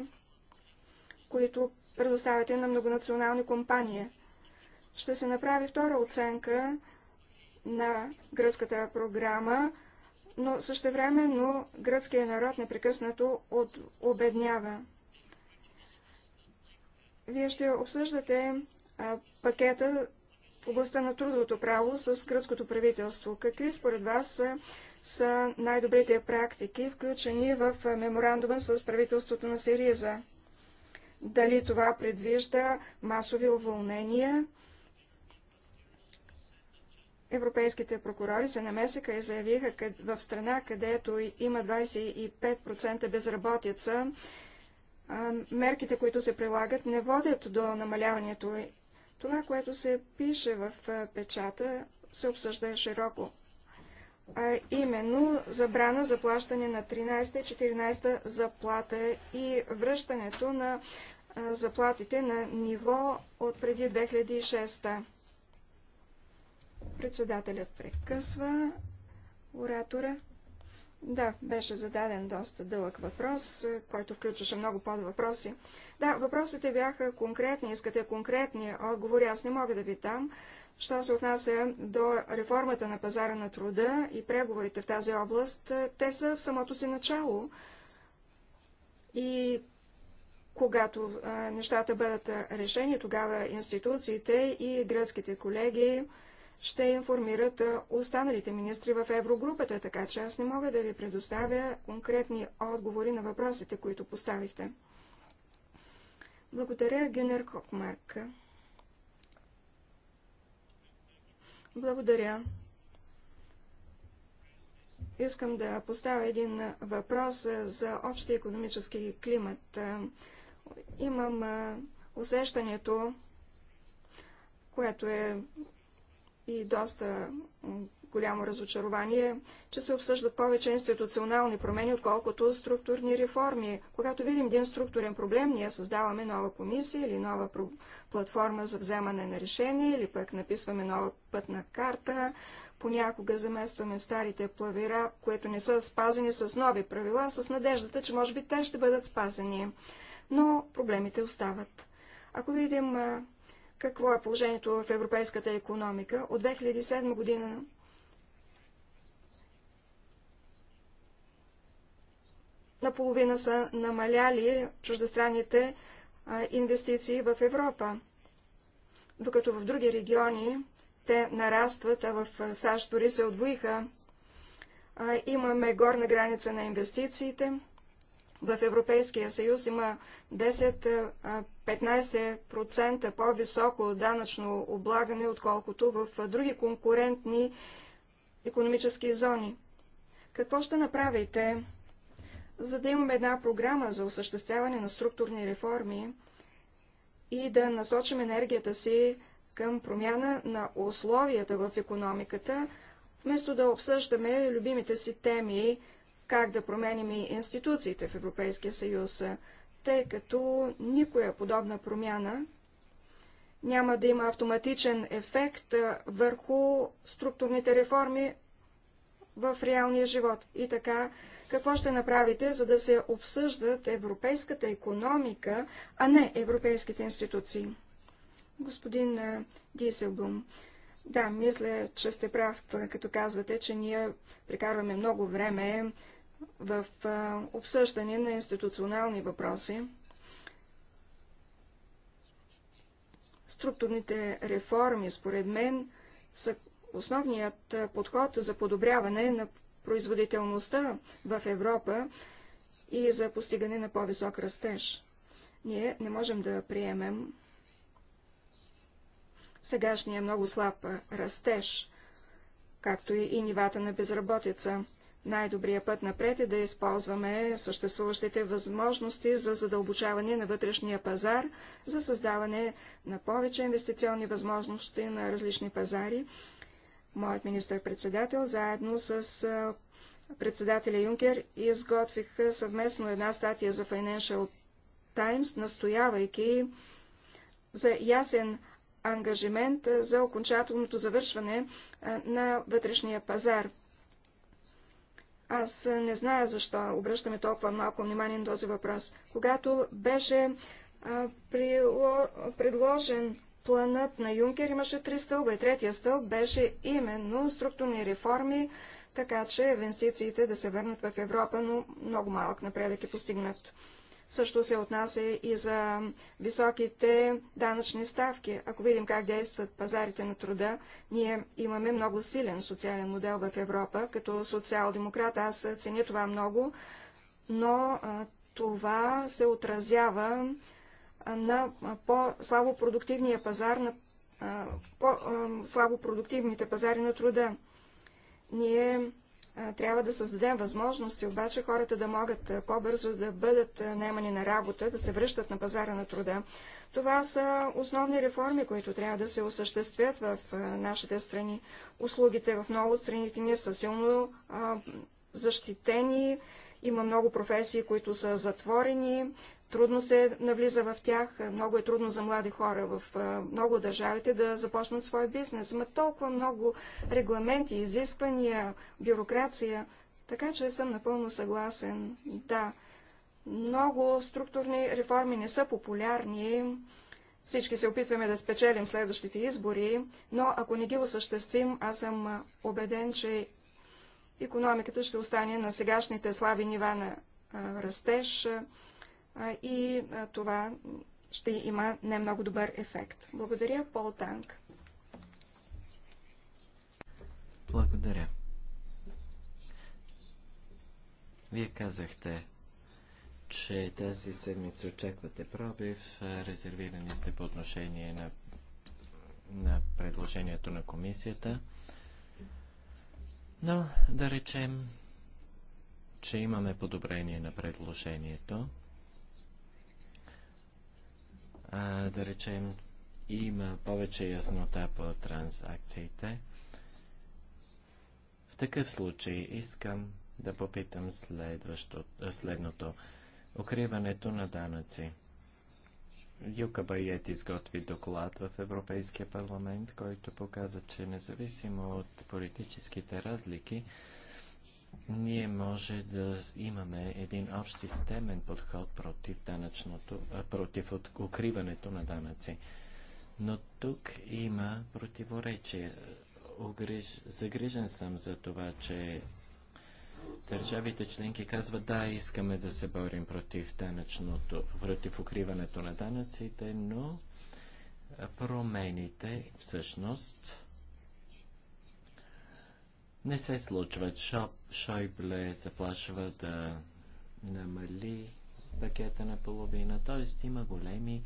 които предоставяте на многонационални компании. Ще се направи втора оценка на гръцката програма, но същевременно гръцкият народ непрекъснато обеднява. Вие ще обсъждате пакета в областта на трудовото право с гръцкото правителство. Какви според вас са, са най-добрите практики, включени в меморандума с правителството на Сириза? Дали това предвижда масови уволнения? Европейските прокурори се намесиха и заявиха къд, в страна, където има 25% безработица, мерките, които се прилагат, не водят до намаляването. Това, което се пише в печата, се обсъжда широко. А именно забрана за плащане на 13 и 14 заплата и връщането на заплатите на ниво от преди 2006 -та. Председателят прекъсва оратора. Да, беше зададен доста дълъг въпрос, е, който включваше много подвъпроси. Да, въпросите бяха конкретни, искате конкретни отговори, аз не мога да ви там, Що се отнася до реформата на пазара на труда и преговорите в тази област, е, те са в самото си начало. И когато е, нещата бъдат решени, тогава институциите и гръцките колеги ще информират останалите министри в Еврогрупата, така че аз не мога да ви предоставя конкретни отговори на въпросите, които поставихте. Благодаря, Гюнер Кокмарк. Благодаря. Искам да поставя един въпрос за общия економически климат. Имам усещането, което е и доста голямо разочарование, че се обсъждат повече институционални промени, отколкото структурни реформи. Когато видим един структурен проблем, ние създаваме нова комисия или нова платформа за вземане на решение, или пък написваме нова пътна карта, понякога заместваме старите плавира, които не са спазени с нови правила, с надеждата, че може би те ще бъдат спазени. Но проблемите остават. Ако видим какво е положението в европейската економика. От 2007 година наполовина са намаляли чуждестранните инвестиции в Европа, докато в други региони те нарастват, а в САЩ дори се отвоиха. Имаме горна граница на инвестициите в Европейския съюз има 10-15% по-високо данъчно облагане, отколкото в други конкурентни економически зони. Какво ще направите, за да имаме една програма за осъществяване на структурни реформи и да насочим енергията си към промяна на условията в економиката, вместо да обсъждаме любимите си теми как да променим и институциите в Европейския съюз, тъй като никоя подобна промяна няма да има автоматичен ефект върху структурните реформи в реалния живот. И така, какво ще направите, за да се обсъждат европейската економика, а не европейските институции? Господин Диселбум, да, мисля, че сте прав, като казвате, че ние прекарваме много време в обсъждане на институционални въпроси. Структурните реформи, според мен, са основният подход за подобряване на производителността в Европа и за постигане на по-висок растеж. Ние не можем да приемем сегашния много слаб растеж, както и нивата на безработица. Най-добрият път напред е да използваме съществуващите възможности за задълбочаване на вътрешния пазар, за създаване на повече инвестиционни възможности на различни пазари. Моят министър-председател заедно с председателя Юнкер изготвих съвместно една статия за Financial Times, настоявайки за ясен ангажимент за окончателното завършване на вътрешния пазар. Аз не зная защо обръщаме толкова малко внимание на този въпрос. Когато беше а, прило... предложен планът на Юнкер, имаше три стълба и третия стълб беше именно структурни реформи, така че инвестициите да се върнат в Европа, но много малък напредък е постигнат. Също се отнася и за високите данъчни ставки. Ако видим как действат пазарите на труда, ние имаме много силен социален модел в Европа. Като социал-демократ аз ценя това много, но това се отразява на по-слабо продуктивния пазар, на по-слабо продуктивните пазари на труда. Ние трябва да създадем възможности, обаче хората да могат по-бързо да бъдат наемани на работа, да се връщат на пазара на труда. Това са основни реформи, които трябва да се осъществят в нашите страни. Услугите в много страните ни са силно защитени, има много професии, които са затворени, трудно се навлиза в тях, много е трудно за млади хора в много държавите да започнат свой бизнес. Има толкова много регламенти, изисквания, бюрокрация, така че съм напълно съгласен. Да, много структурни реформи не са популярни. Всички се опитваме да спечелим следващите избори, но ако не ги осъществим, аз съм убеден, че економиката ще остане на сегашните слаби нива на растеж и това ще има не много добър ефект. Благодаря, Пол Танк. Благодаря. Вие казахте, че тази седмица очаквате пробив, резервирани сте по отношение на, на предложението на комисията. Но да речем, че имаме подобрение на предложението. А, да речем, има повече яснота по транзакциите. В такъв случай искам да попитам следващо, следното. Укриването на данъци. Юка Байет изготви доклад в Европейския парламент, който показа, че независимо от политическите разлики, ние може да имаме един общ системен подход против, данъчното, против укриването на данъци. Но тук има противоречие. Загрижен съм за това, че Държавите членки казват, да, искаме да се борим против, данъчното, против укриването на данъците, но промените всъщност не се случват. Шойбле заплашва да намали пакета на половина, т.е. има големи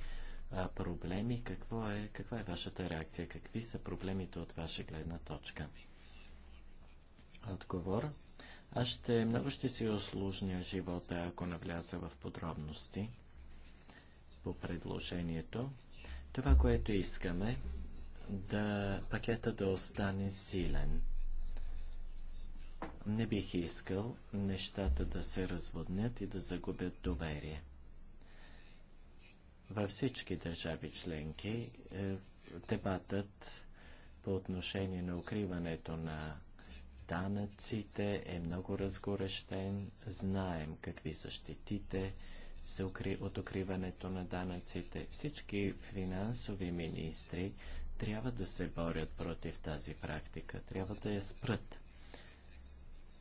проблеми. Какво е, каква е вашата реакция? Какви са проблемите от ваша гледна точка? Отговор аз ще, много ще си осложня живота, ако навляза в подробности по предложението. Това, което искаме, да пакета да остане силен. Не бих искал нещата да се разводнят и да загубят доверие. Във всички държави членки е, дебатът по отношение на укриването на данъците е много разгорещен. Знаем какви са щетите се укри... от укриването на данъците. Всички финансови министри трябва да се борят против тази практика. Трябва да я спрат.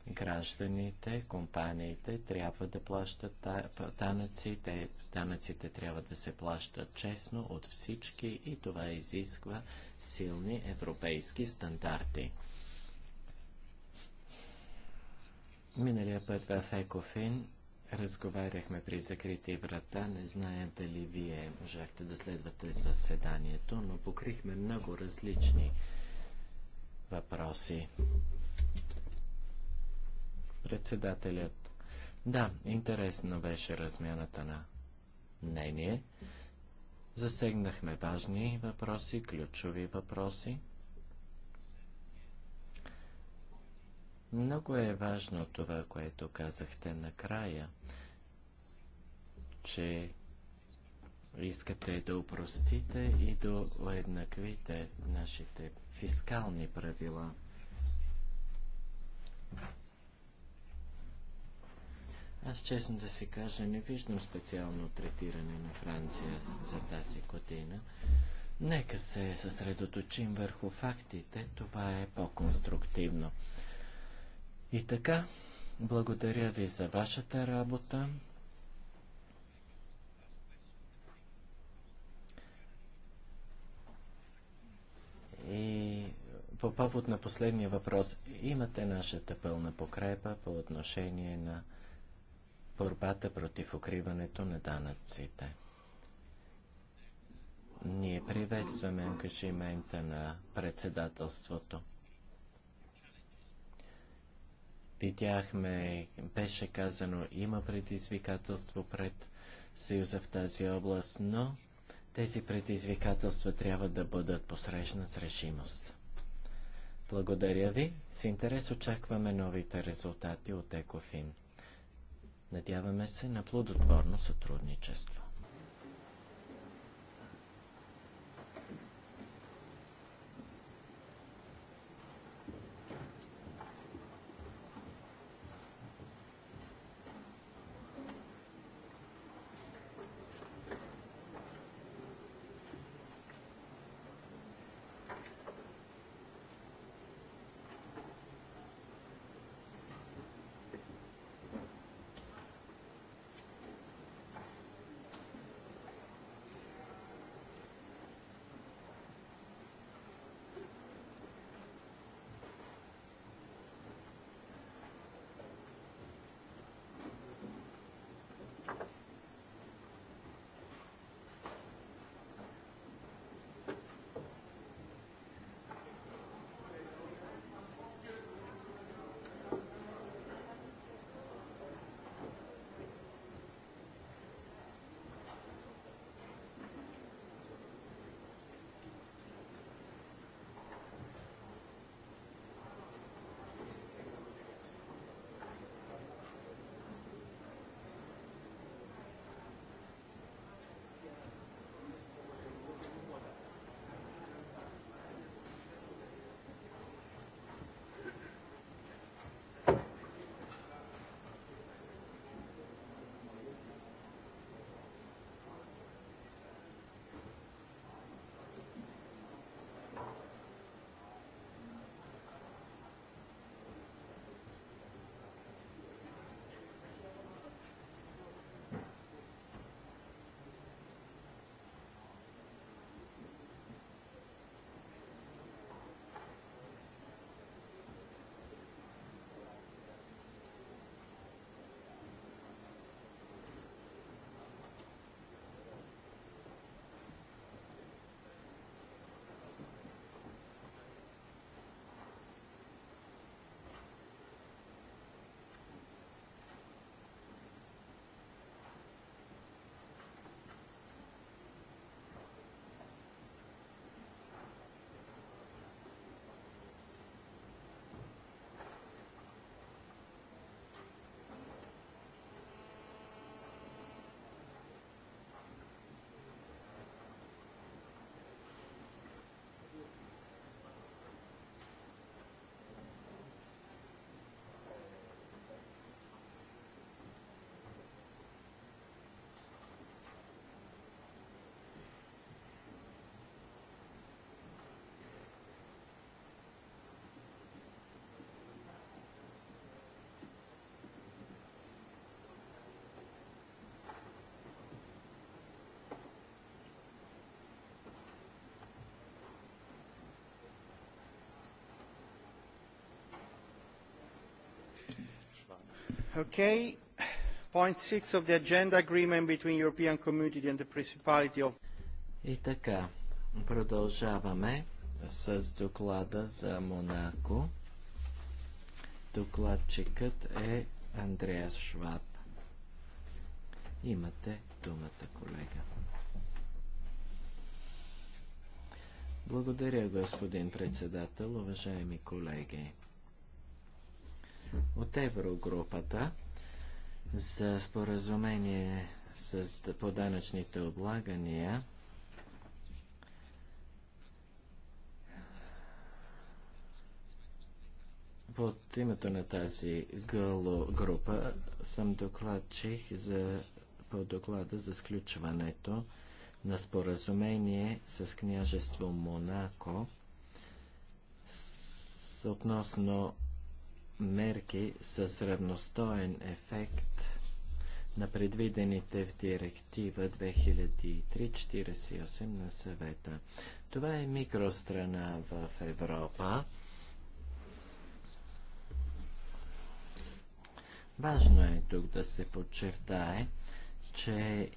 Гражданите, компаниите трябва да плащат данъците. данъците трябва да се плащат честно от всички и това изисква силни европейски стандарти. Миналия път в Екофин разговаряхме при закрити врата. Не знаем дали вие можахте да следвате заседанието, но покрихме много различни въпроси. Председателят. Да, интересно беше размяната на мнение. Засегнахме важни въпроси, ключови въпроси. Много е важно това, което казахте накрая, че искате да упростите и да уеднаквите нашите фискални правила. Аз честно да си кажа, не виждам специално третиране на Франция за тази година. Нека се съсредоточим върху фактите, това е по-конструктивно. И така, благодаря ви за вашата работа. И по повод на последния въпрос, имате нашата пълна покрепа по отношение на борбата против укриването на данъците. Ние приветстваме ангажимента на председателството. Видяхме, беше казано, има предизвикателство пред Съюза в тази област, но тези предизвикателства трябва да бъдат посрещна с решимост. Благодаря ви. С интерес очакваме новите резултати от Екофин. Надяваме се на плодотворно сътрудничество. Okay. Point six of the agenda agreement between European Community and the Principality of... И така, продължаваме с доклада за Монако. Докладчикът е Андреас Шваб. Имате думата, колега. Благодаря, господин председател, уважаеми колеги от Еврогрупата за споразумение с поданъчните облагания. Под името на тази група съм докладчих за, по доклада за сключването на споразумение с княжество Монако с, относно мерки с равностоен ефект на предвидените в директива 2003-48 на съвета. Това е микространа в Европа. Важно е тук да се подчертае, че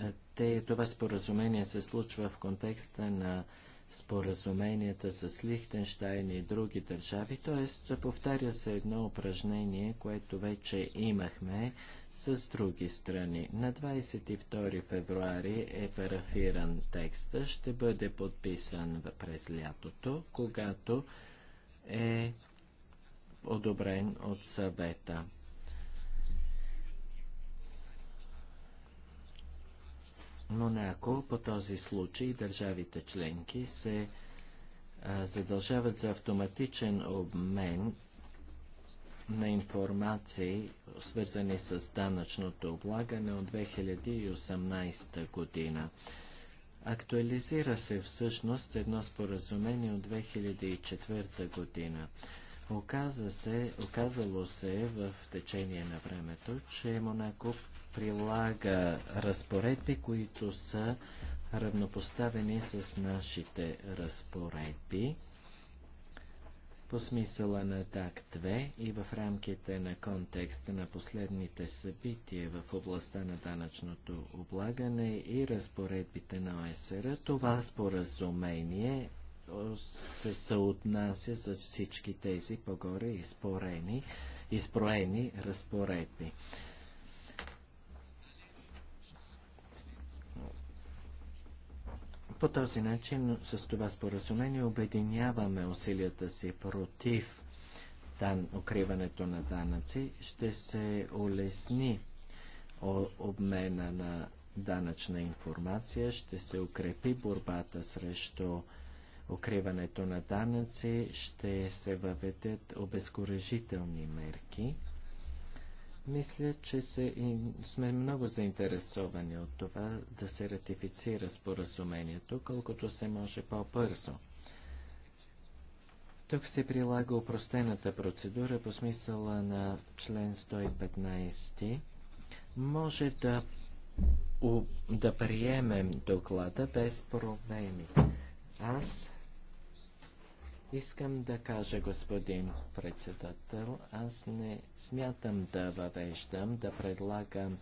е, те, това споразумение се случва в контекста на споразуменията с Лихтенштайн и други държави, т.е. повтаря се едно упражнение, което вече имахме с други страни. На 22 февруари е парафиран текста, ще бъде подписан през лятото, когато е одобрен от съвета. ако по този случай държавите членки се а, задължават за автоматичен обмен на информации, свързани с данъчното облагане от 2018 година. Актуализира се всъщност едно споразумение от 2004 година. Оказа се, оказало се в течение на времето, че Монако прилага разпоредби, които са равнопоставени с нашите разпоредби по смисъла на ТАК 2 и в рамките на контекста на последните събития в областта на данъчното облагане и разпоредбите на ОСР, това споразумение се съотнася с всички тези по изпорени, изпроени разпоредби. По този начин с това споразумение обединяваме усилията си против дан, укриването на данъци. Ще се улесни обмена на данъчна информация, ще се укрепи борбата срещу укриването на данъци, ще се въведат обезкуражителни мерки – мисля, че се, сме много заинтересовани от това да се ратифицира споразумението, колкото се може по-бързо. Тук се прилага упростената процедура по смисъла на член 115. Може да, у, да приемем доклада без проблеми. Аз Искам да кажа, господин председател, аз не смятам да въвеждам, да предлагам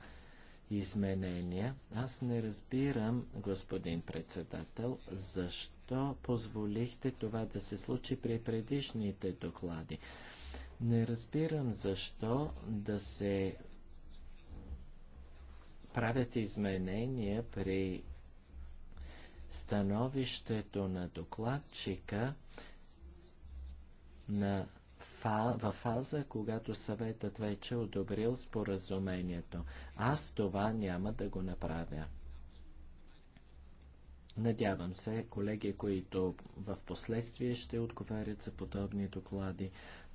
изменения. Аз не разбирам, господин председател, защо позволихте това да се случи при предишните доклади. Не разбирам защо да се правят изменения при становището на докладчика на в фаза, когато съветът вече е одобрил споразумението. Аз това няма да го направя. Надявам се, колеги, които в последствие ще отговарят за подобни доклади,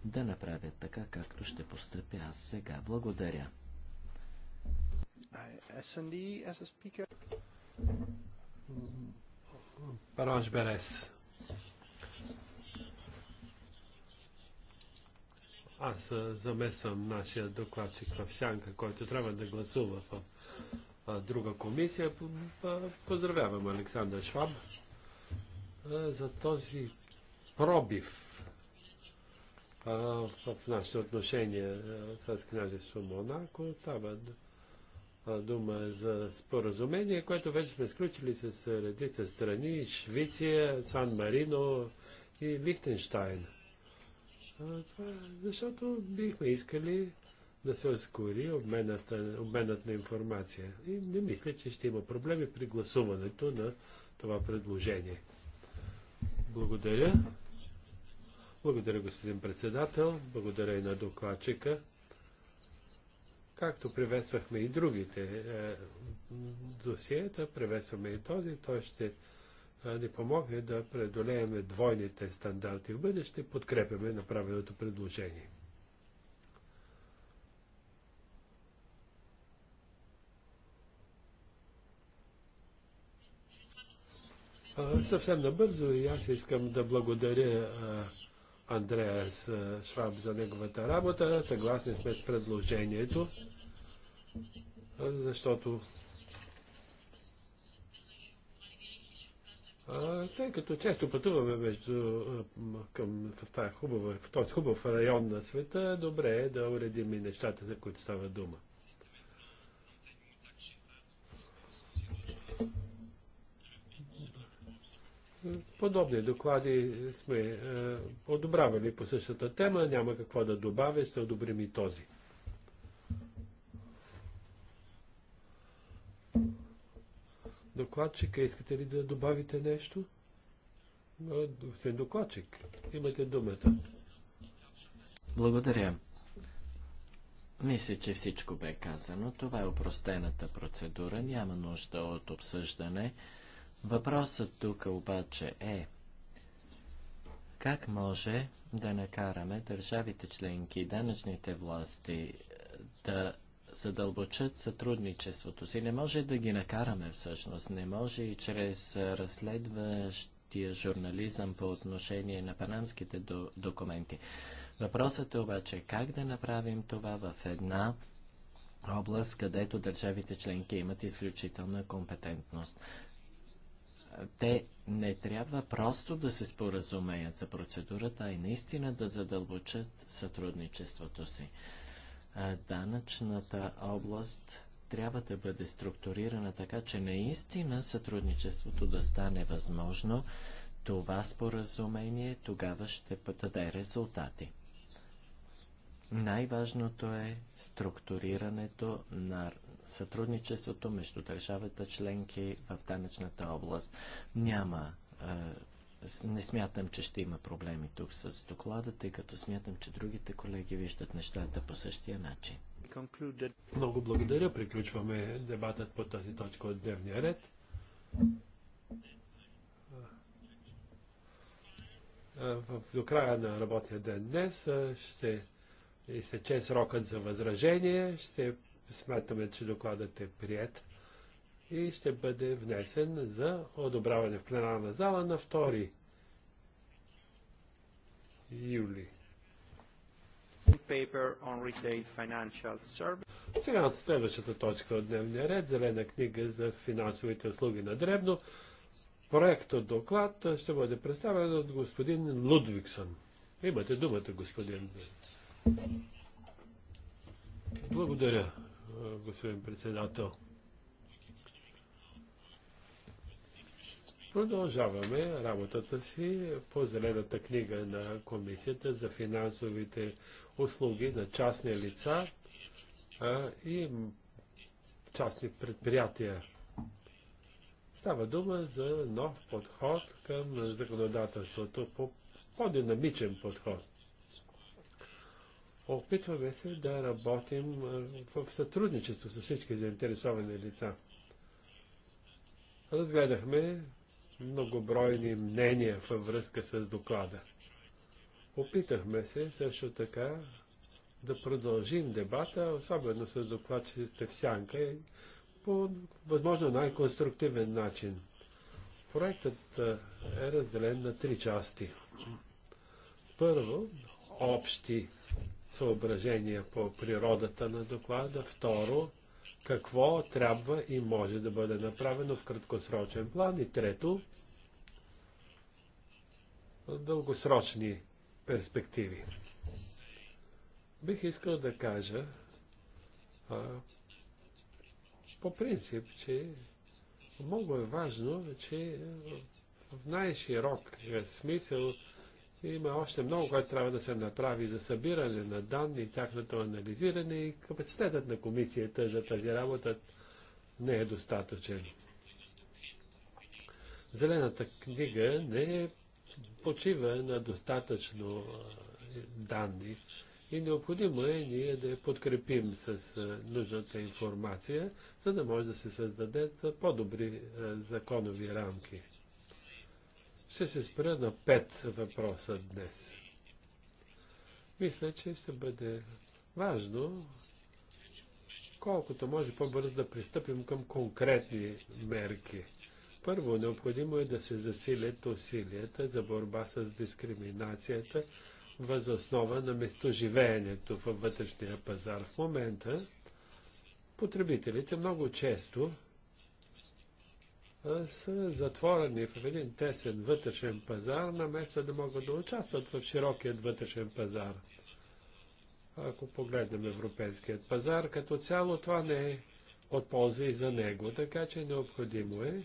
да направят така, както ще постъпя аз сега. Благодаря. Параш Берес. Аз замесвам нашия докладчик в Сянка, който трябва да гласува в друга комисия. Поздравявам Александър Шваб за този пробив в нашите отношения с княжество Монако. Става дума за споразумение, което вече сме сключили с редица страни Швиция, Сан Марино и Лихтенштайн. Е, защото бихме искали да се ускори обменът, обменът на информация. И не мисля, че ще има проблеми при гласуването на това предложение. Благодаря. Благодаря, господин председател. Благодаря и на докладчика. Както приветствахме и другите е, досиета, приветстваме и този. Той ще ни помогне да преодолеем двойните стандарти в бъдеще, подкрепяме направеното предложение. Съвсем набързо и аз искам да благодаря Андреас Шваб за неговата работа. Съгласни сме с предложението, защото тъй като често пътуваме между, към, в, тази хубава, в този хубав район на света, добре е да уредим и нещата, за които става дума. Подобни доклади сме е, одобрявали по същата тема, няма какво да добавя, ще одобрим и този. докладчика, искате ли да добавите нещо? Господин докладчик, имате думата. Благодаря. Мисля, че всичко бе казано. Това е упростената процедура. Няма нужда от обсъждане. Въпросът тук обаче е как може да накараме държавите членки, данъчните власти да задълбочат сътрудничеството си. Не може да ги накараме всъщност. Не може и чрез разследващия журнализъм по отношение на панамските до документи. Въпросът е обаче как да направим това в една област, където държавите членки имат изключителна компетентност. Те не трябва просто да се споразумеят за процедурата, а и наистина да задълбочат сътрудничеството си данъчната област трябва да бъде структурирана така, че наистина сътрудничеството да стане възможно, това споразумение тогава ще даде резултати. Най-важното е структурирането на сътрудничеството между държавата членки в данъчната област. Няма е, не смятам, че ще има проблеми тук с доклада, тъй като смятам, че другите колеги виждат нещата по същия начин. Много благодаря. Приключваме дебатът по тази точка от дневния ред. До края на работния ден днес ще изтече срокът за възражение. Ще смятаме, че докладът е прият и ще бъде внесен за одобряване в пленарна зала на 2 юли. Сега следващата точка от дневния ред, зелена книга за финансовите услуги на Дребно. Проектът доклад ще бъде представен от господин Лудвиксон. Имате думата, господин. Благодаря, господин председател. Продължаваме работата си по зелената книга на Комисията за финансовите услуги на частни лица а, и частни предприятия. Става дума за нов подход към законодателството, по, по-динамичен подход. Опитваме се да работим в сътрудничество с всички заинтересовани лица. Разгледахме многобройни мнения във връзка с доклада. Опитахме се също така да продължим дебата, особено с докладчите в сянка, по възможно най-конструктивен начин. Проектът е разделен на три части. Първо, общи съображения по природата на доклада. Второ, какво трябва и може да бъде направено в краткосрочен план. И трето, дългосрочни перспективи. Бих искал да кажа а, по принцип, че много е важно, че в най-широк смисъл има още много, което трябва да се направи за събиране на данни, тяхното анализиране и капацитетът на комисията за тази работа не е достатъчен. Зелената книга не е почива на достатъчно данни и необходимо е ние да я подкрепим с нужната информация, за да може да се създадат по-добри законови рамки. Ще се спра на пет въпроса днес. Мисля, че ще бъде важно колкото може по-бързо да пристъпим към конкретни мерки. Първо, необходимо е да се засилят усилията за борба с дискриминацията възоснова на местоживеенето във вътрешния пазар. В момента потребителите много често са затворени в един тесен вътрешен пазар, место да могат да участват в широкият вътрешен пазар. Ако погледнем европейският пазар, като цяло това не е от полза и за него, така че необходимо е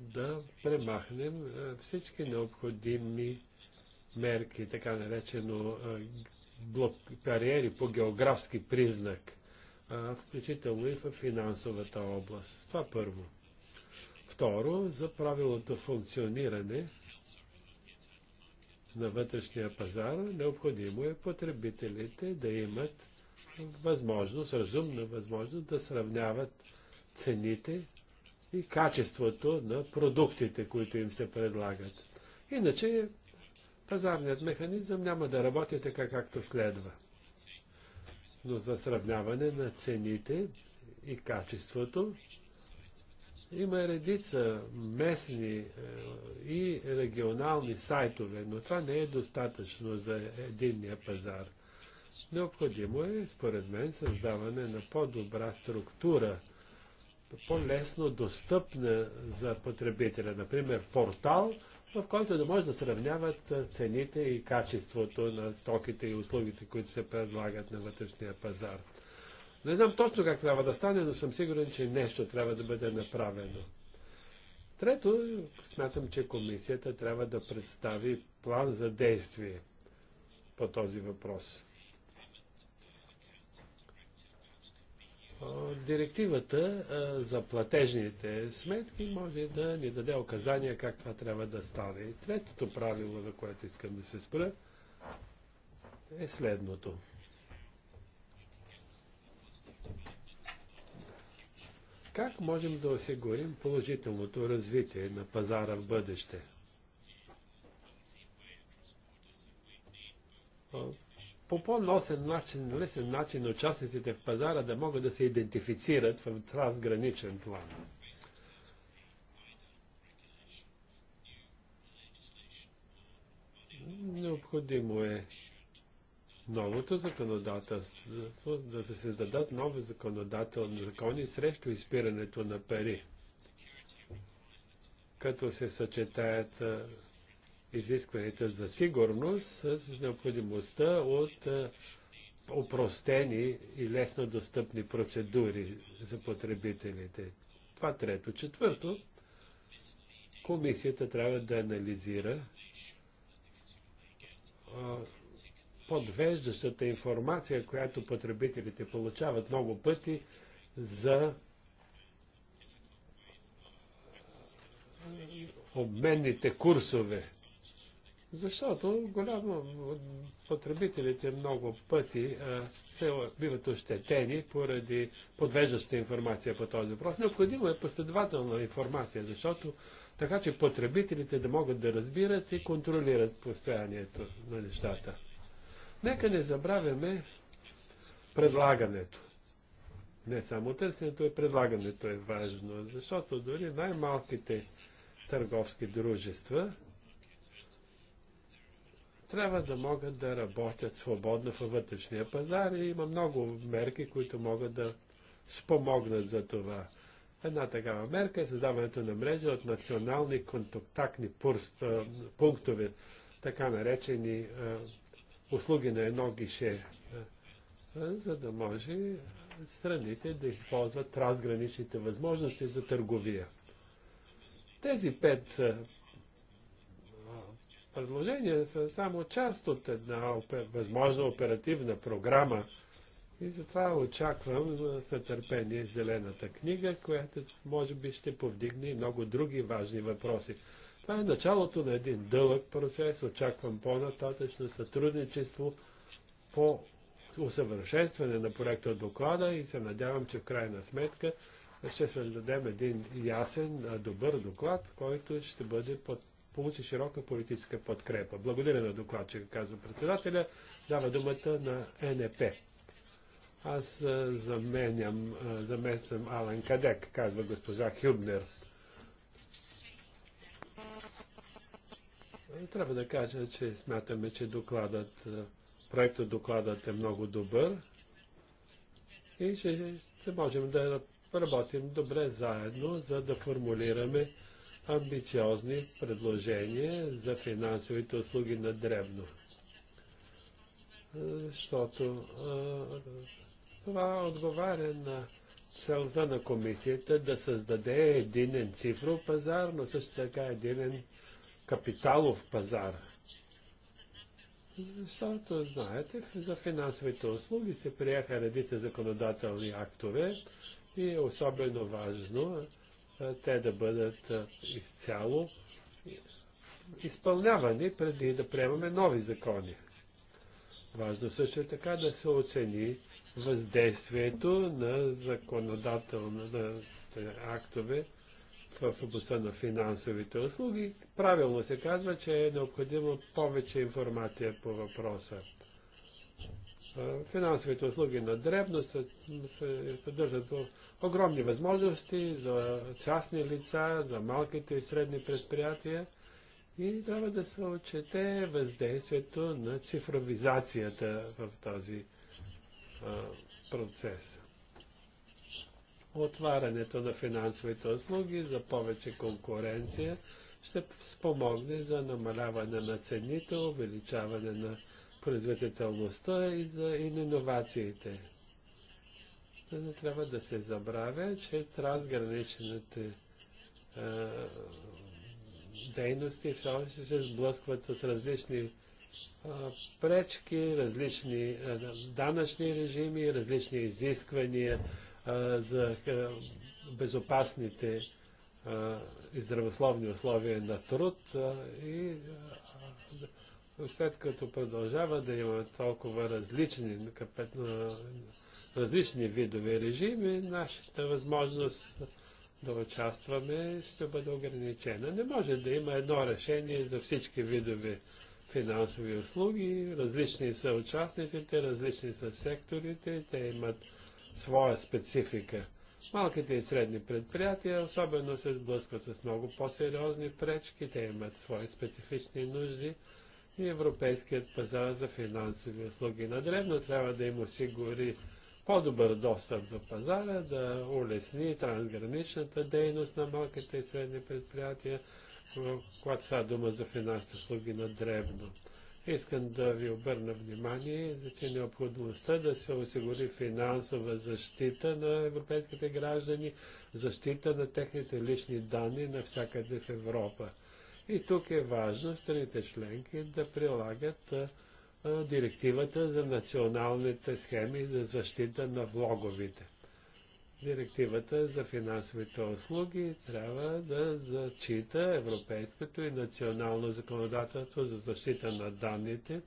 да премахнем всички необходими мерки, така наречено блок, кариери по географски признак – включително и в финансовата област. Това първо. Второ, за правилното функциониране на вътрешния пазар, необходимо е потребителите да имат възможност, разумна възможност да сравняват цените и качеството на продуктите, които им се предлагат. Иначе пазарният механизъм няма да работи така, както следва. Но за сравняване на цените и качеството. Има редица местни е, и регионални сайтове, но това не е достатъчно за единния пазар. Необходимо е, според мен, създаване на по-добра структура, по-лесно достъпна за потребителя. Например, портал – в който да може да сравняват цените и качеството на стоките и услугите, които се предлагат на вътрешния пазар. Не знам точно как трябва да стане, но съм сигурен, че нещо трябва да бъде направено. Трето, смятам, че комисията трябва да представи план за действие по този въпрос. директивата за платежните сметки може да ни даде указания как това трябва да стане. И третото правило, на което искам да се спра, е следното. Как можем да осигурим положителното развитие на пазара в бъдеще? по по-носен начин, лесен начин участниците в пазара да могат да се идентифицират в трансграничен план. Необходимо е новото законодателство, да се създадат нови законодателни закони срещу изпирането на пари, като се съчетаят изискванията за сигурност с необходимостта от е, опростени и лесно достъпни процедури за потребителите. Това трето. Четвърто, комисията трябва да анализира подвеждащата информация, която потребителите получават много пъти за обменните курсове. Защото голямо потребителите много пъти а, се биват ощетени поради подвеждаща информация по този въпрос. Необходимо е последователна информация, защото така че потребителите да могат да разбират и контролират постоянието на нещата. Нека не забравяме предлагането. Не само търсенето, и предлагането е важно, защото дори най-малките търговски дружества трябва да могат да работят свободно във вътрешния пазар и има много мерки, които могат да спомогнат за това. Една такава мерка е създаването на мрежа от национални контактни пунктове, така наречени услуги на едно гише, за да може страните да използват трансграничните възможности за търговия. Тези пет предложения са само част от една възможна оперативна програма. И затова очаквам с търпение зелената книга, която може би ще повдигне и много други важни въпроси. Това е началото на един дълъг процес. Очаквам по-нататъчно сътрудничество по усъвършенстване на проекта доклада и се надявам, че в крайна сметка ще създадем един ясен, добър доклад, който ще бъде под получи широка политическа подкрепа. Благодаря на докладчика, казва председателя. Дава думата на НП. Аз заменям, замесвам Алан Кадек, казва госпожа Хюбнер. Трябва да кажа, че смятаме, че докладът, проектът докладът е много добър и ще, ще можем да работим добре заедно, за да формулираме амбициозни предложения за финансовите услуги на дребно. Защото това отговаря на целта на комисията да създаде единен цифров пазар, но също така единен капиталов пазар. Защото, знаете, за финансовите услуги се приеха редица законодателни актове и е особено важно те да бъдат изцяло изпълнявани преди да приемаме нови закони. Важно също е така да се оцени въздействието на законодателните актове в областта на финансовите услуги. Правилно се казва, че е необходимо повече информация по въпроса. Финансовите услуги на дребно съдържат огромни възможности за частни лица, за малките и средни предприятия и трябва да се отчете въздействието на цифровизацията в този процес. Отварянето на финансовите услуги за повече конкуренция ще спомогне за намаляване на цените, увеличаване на производителността и за иновациите. Не трябва да се забравя, че трансграничните а, дейности все още се сблъскват с различни а, пречки, различни а, данъчни режими, различни изисквания за безопасните и здравословни условия на труд и след като продължава да има толкова различни, различни видове режими, нашата възможност да участваме ще бъде ограничена. Не може да има едно решение за всички видове финансови услуги. Различни са участниците, различни са секторите, те имат своя специфика. Малките и средни предприятия особено се сблъскват с много по-сериозни пречки, те имат свои специфични нужди и европейският пазар за финансови услуги. На древно трябва да им осигури по-добър достъп до пазара, да улесни трансграничната дейност на малките и средни предприятия, когато става дума за финансови услуги на древно. Искам да ви обърна внимание, че необходимостта да се осигури финансова защита на европейските граждани, защита на техните лични данни навсякъде в Европа. И тук е важно страните членки да прилагат директивата за националните схеми за защита на влоговите. Директивата за финансовите услуги трябва да зачита европейското и национално законодателство за защита на данните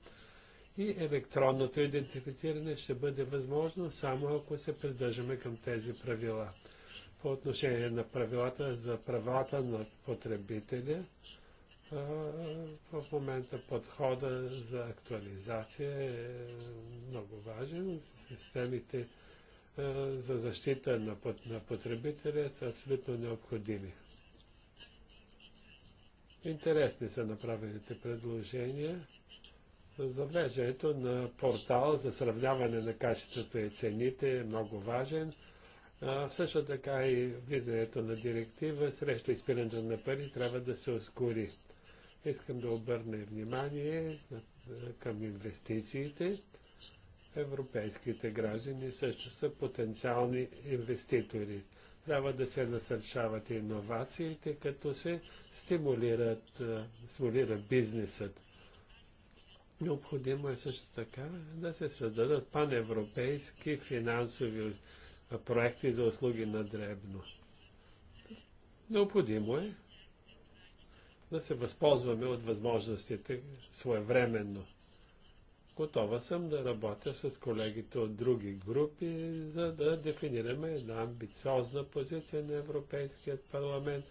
и електронното идентифициране ще бъде възможно само ако се придържаме към тези правила. По отношение на правилата за правата на потребителя, в момента подхода за актуализация е, е много важен. Системите е, за защита на, потребителя са абсолютно необходими. Интересни са направените предложения за завеждането на портал за сравняване на качеството и цените е много важен. също така и влизането на директива срещу изпирането на пари трябва да се ускори. Искам да обърна внимание към инвестициите. Европейските граждани също са потенциални инвеститори. Трябва да се насърчават иновациите, като се стимулират, стимулира бизнесът. Необходимо е също така да се създадат паневропейски финансови проекти за услуги на дребно. Необходимо е да се възползваме от възможностите своевременно. Готова съм да работя с колегите от други групи, за да дефинираме една амбициозна позиция на Европейският парламент,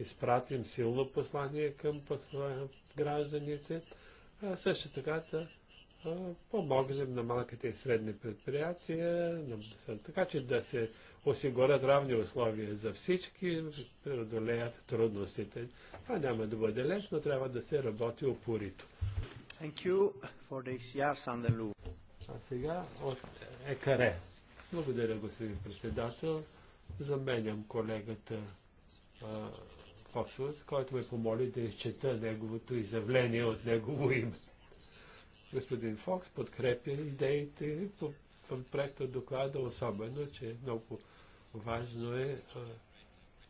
изпратим силно послание към гражданите, а също така да помогнем на малките и средни предприятия, така че да се осигурят равни условия за всички, преодолеят трудностите. Това няма да бъде лесно, трябва да се работи упорито. Thank you for the А сега от ЕКАРЕ. Благодаря, господин председател. Заменям колегата Фоксус, който ме помоли да изчета неговото изявление от негово име. Господин Фокс подкрепя идеите по, в проекта доклада, особено, че много важно е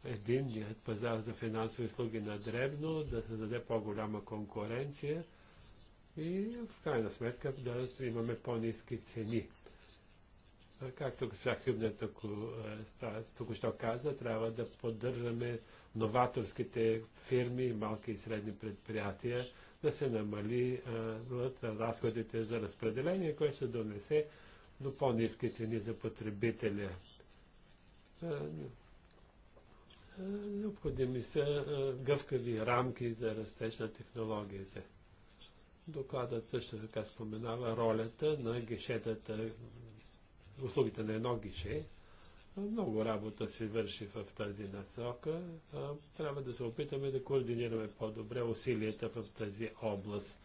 единният пазар за финансови услуги на дребно, да се даде по-голяма конкуренция и в крайна сметка да имаме по-низки цени. Както госпожа Хюбнер току-що каза, трябва да поддържаме новаторските фирми, малки и средни предприятия, да се намали разходите за разпределение, което ще донесе до по-низки цени за потребителя. Необходими са гъвкави рамки за растеж на технологиите. Докладът също така споменава ролята на гишетата, услугите на едно гише много работа се върши в тази насока. Трябва да се опитаме да координираме по-добре усилията в тази област.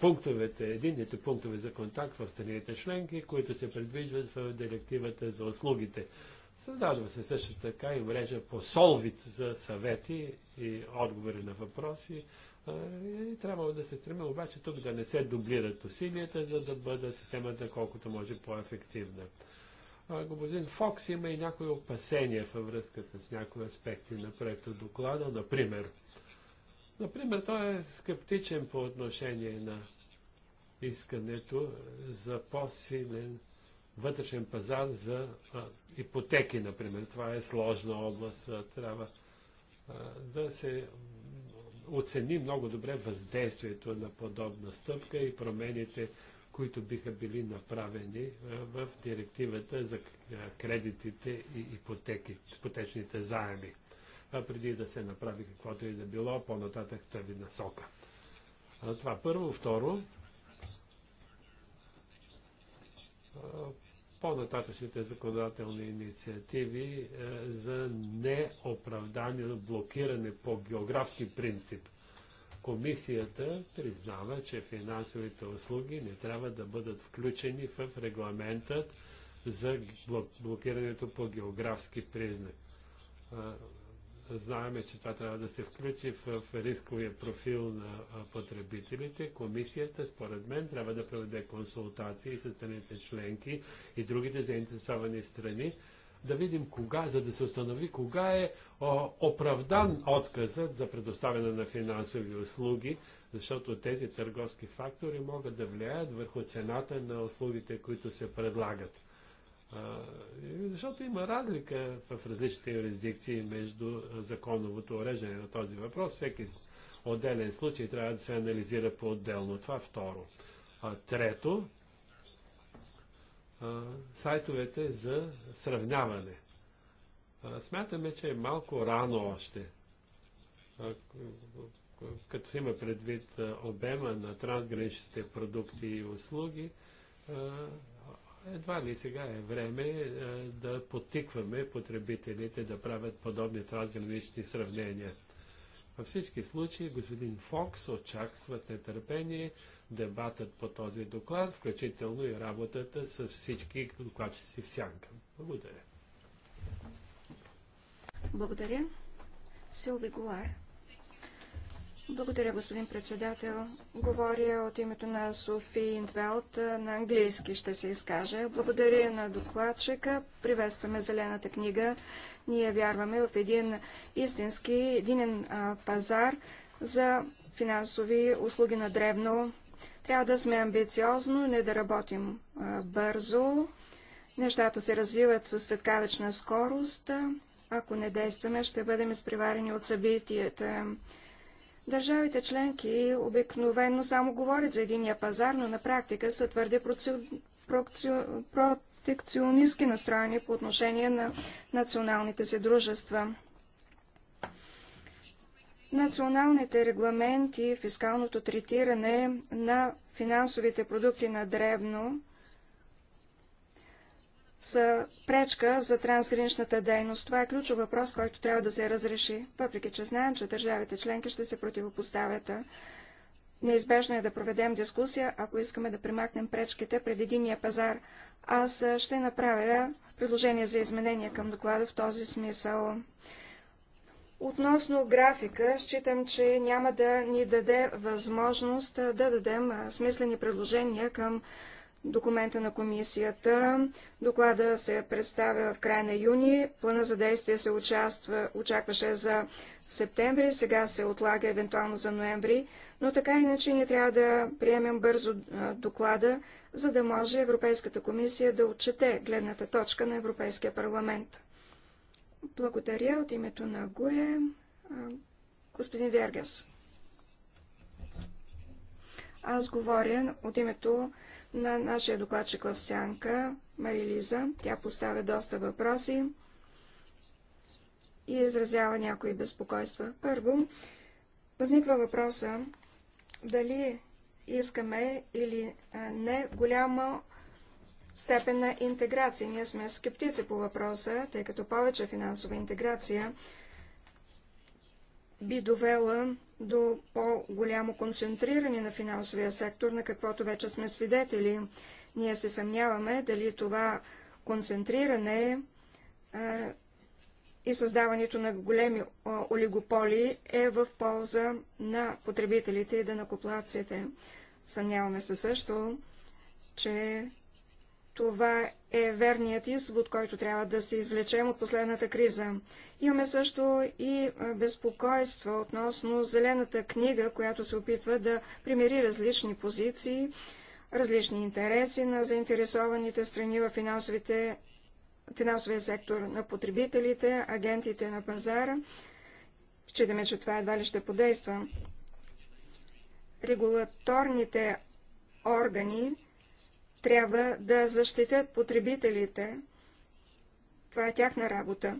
Пунктовете, единните пунктове за контакт в страните членки, които се предвиждат в директивата за услугите. Създадва се също така и мрежа по солвит за съвети и отговори на въпроси. И трябва да се стремим обаче тук да не се дублират усилията, за да бъде системата колкото може по-ефективна господин Фокс има и някои опасения във връзка с някои аспекти на проекта доклада. Например, например, той е скептичен по отношение на искането за по-силен вътрешен пазар за а, ипотеки, например. Това е сложна област. А, трябва а, да се оцени много добре въздействието на подобна стъпка и промените които биха били направени в директивата за кредитите и ипотеки, ипотечните заеми, а преди да се направи каквото и да било по-нататък тази насока. А това първо. Второ, по-нататъчните законодателни инициативи за неоправдание блокиране по географски принцип – Комисията признава, че финансовите услуги не трябва да бъдат включени в регламентът за блокирането по географски признак. Знаеме, че това трябва да се включи в рисковия профил на потребителите. Комисията, според мен, трябва да проведе консултации с страните членки и другите заинтересовани страни, да видим кога, за да се установи кога е о, оправдан отказът за предоставяне на финансови услуги, защото тези търговски фактори могат да влияят върху цената на услугите, които се предлагат. А, защото има разлика в различните юрисдикции между законовото уреждане на този въпрос. Всеки отделен случай трябва да се анализира по-отделно. Това е второ. А, трето, сайтовете за сравняване. Смятаме, че е малко рано още, като има предвид обема на трансграничните продукти и услуги, едва ли сега е време да потикваме потребителите да правят подобни трансгранични сравнения. Във всички случаи господин Фокс очаква с нетърпение дебатът по този доклад, включително и работата с всички докладчици в сянка. Благодаря. Благодаря. Силви Голар. Благодаря, господин председател. Говоря от името на Софи Индвелт. на английски ще се изкаже. Благодаря на докладчика. Приветстваме Зелената книга ние вярваме в един истински единен пазар за финансови услуги на древно. Трябва да сме амбициозно, не да работим бързо. Нещата се развиват със светкавечна скорост. Ако не действаме, ще бъдем изпреварени от събитията. Държавите членки обикновено само говорят за единия пазар, но на практика са твърде проци... проци протекционистски настроени по отношение на националните си дружества. Националните регламенти, фискалното третиране на финансовите продукти на дребно са пречка за трансграничната дейност. Това е ключов въпрос, който трябва да се разреши, въпреки че знаем, че държавите членки ще се противопоставят. Неизбежно е да проведем дискусия, ако искаме да примахнем пречките пред единия пазар. Аз ще направя предложение за изменение към доклада в този смисъл. Относно графика, считам, че няма да ни даде възможност да дадем смислени предложения към документа на комисията. Доклада се представя в края на юни. Плана за действие се участва, очакваше за септември, сега се отлага евентуално за ноември, но така иначе ние трябва да приемем бързо доклада, за да може Европейската комисия да отчете гледната точка на Европейския парламент. Благодаря от името на ГУЕ. Господин Вергас. Аз говоря от името на нашия докладчик в Сянка, Марилиза. Тя поставя доста въпроси и изразява някои безпокойства. Първо, възниква въпроса дали искаме или не голяма степен на интеграция. Ние сме скептици по въпроса, тъй като повече финансова интеграция би довела до по-голямо концентриране на финансовия сектор, на каквото вече сме свидетели. Ние се съмняваме дали това концентриране и създаването на големи олигополи е в полза на потребителите и накоплаците. Съмняваме се също, че това е верният извод, който трябва да се извлечем от последната криза. Имаме също и безпокойство относно зелената книга, която се опитва да примери различни позиции, различни интереси на заинтересованите страни в финансовите финансовия сектор на потребителите, агентите на пазара. Считаме, че това едва ли ще подейства. Регулаторните органи трябва да защитят потребителите. Това е тяхна работа.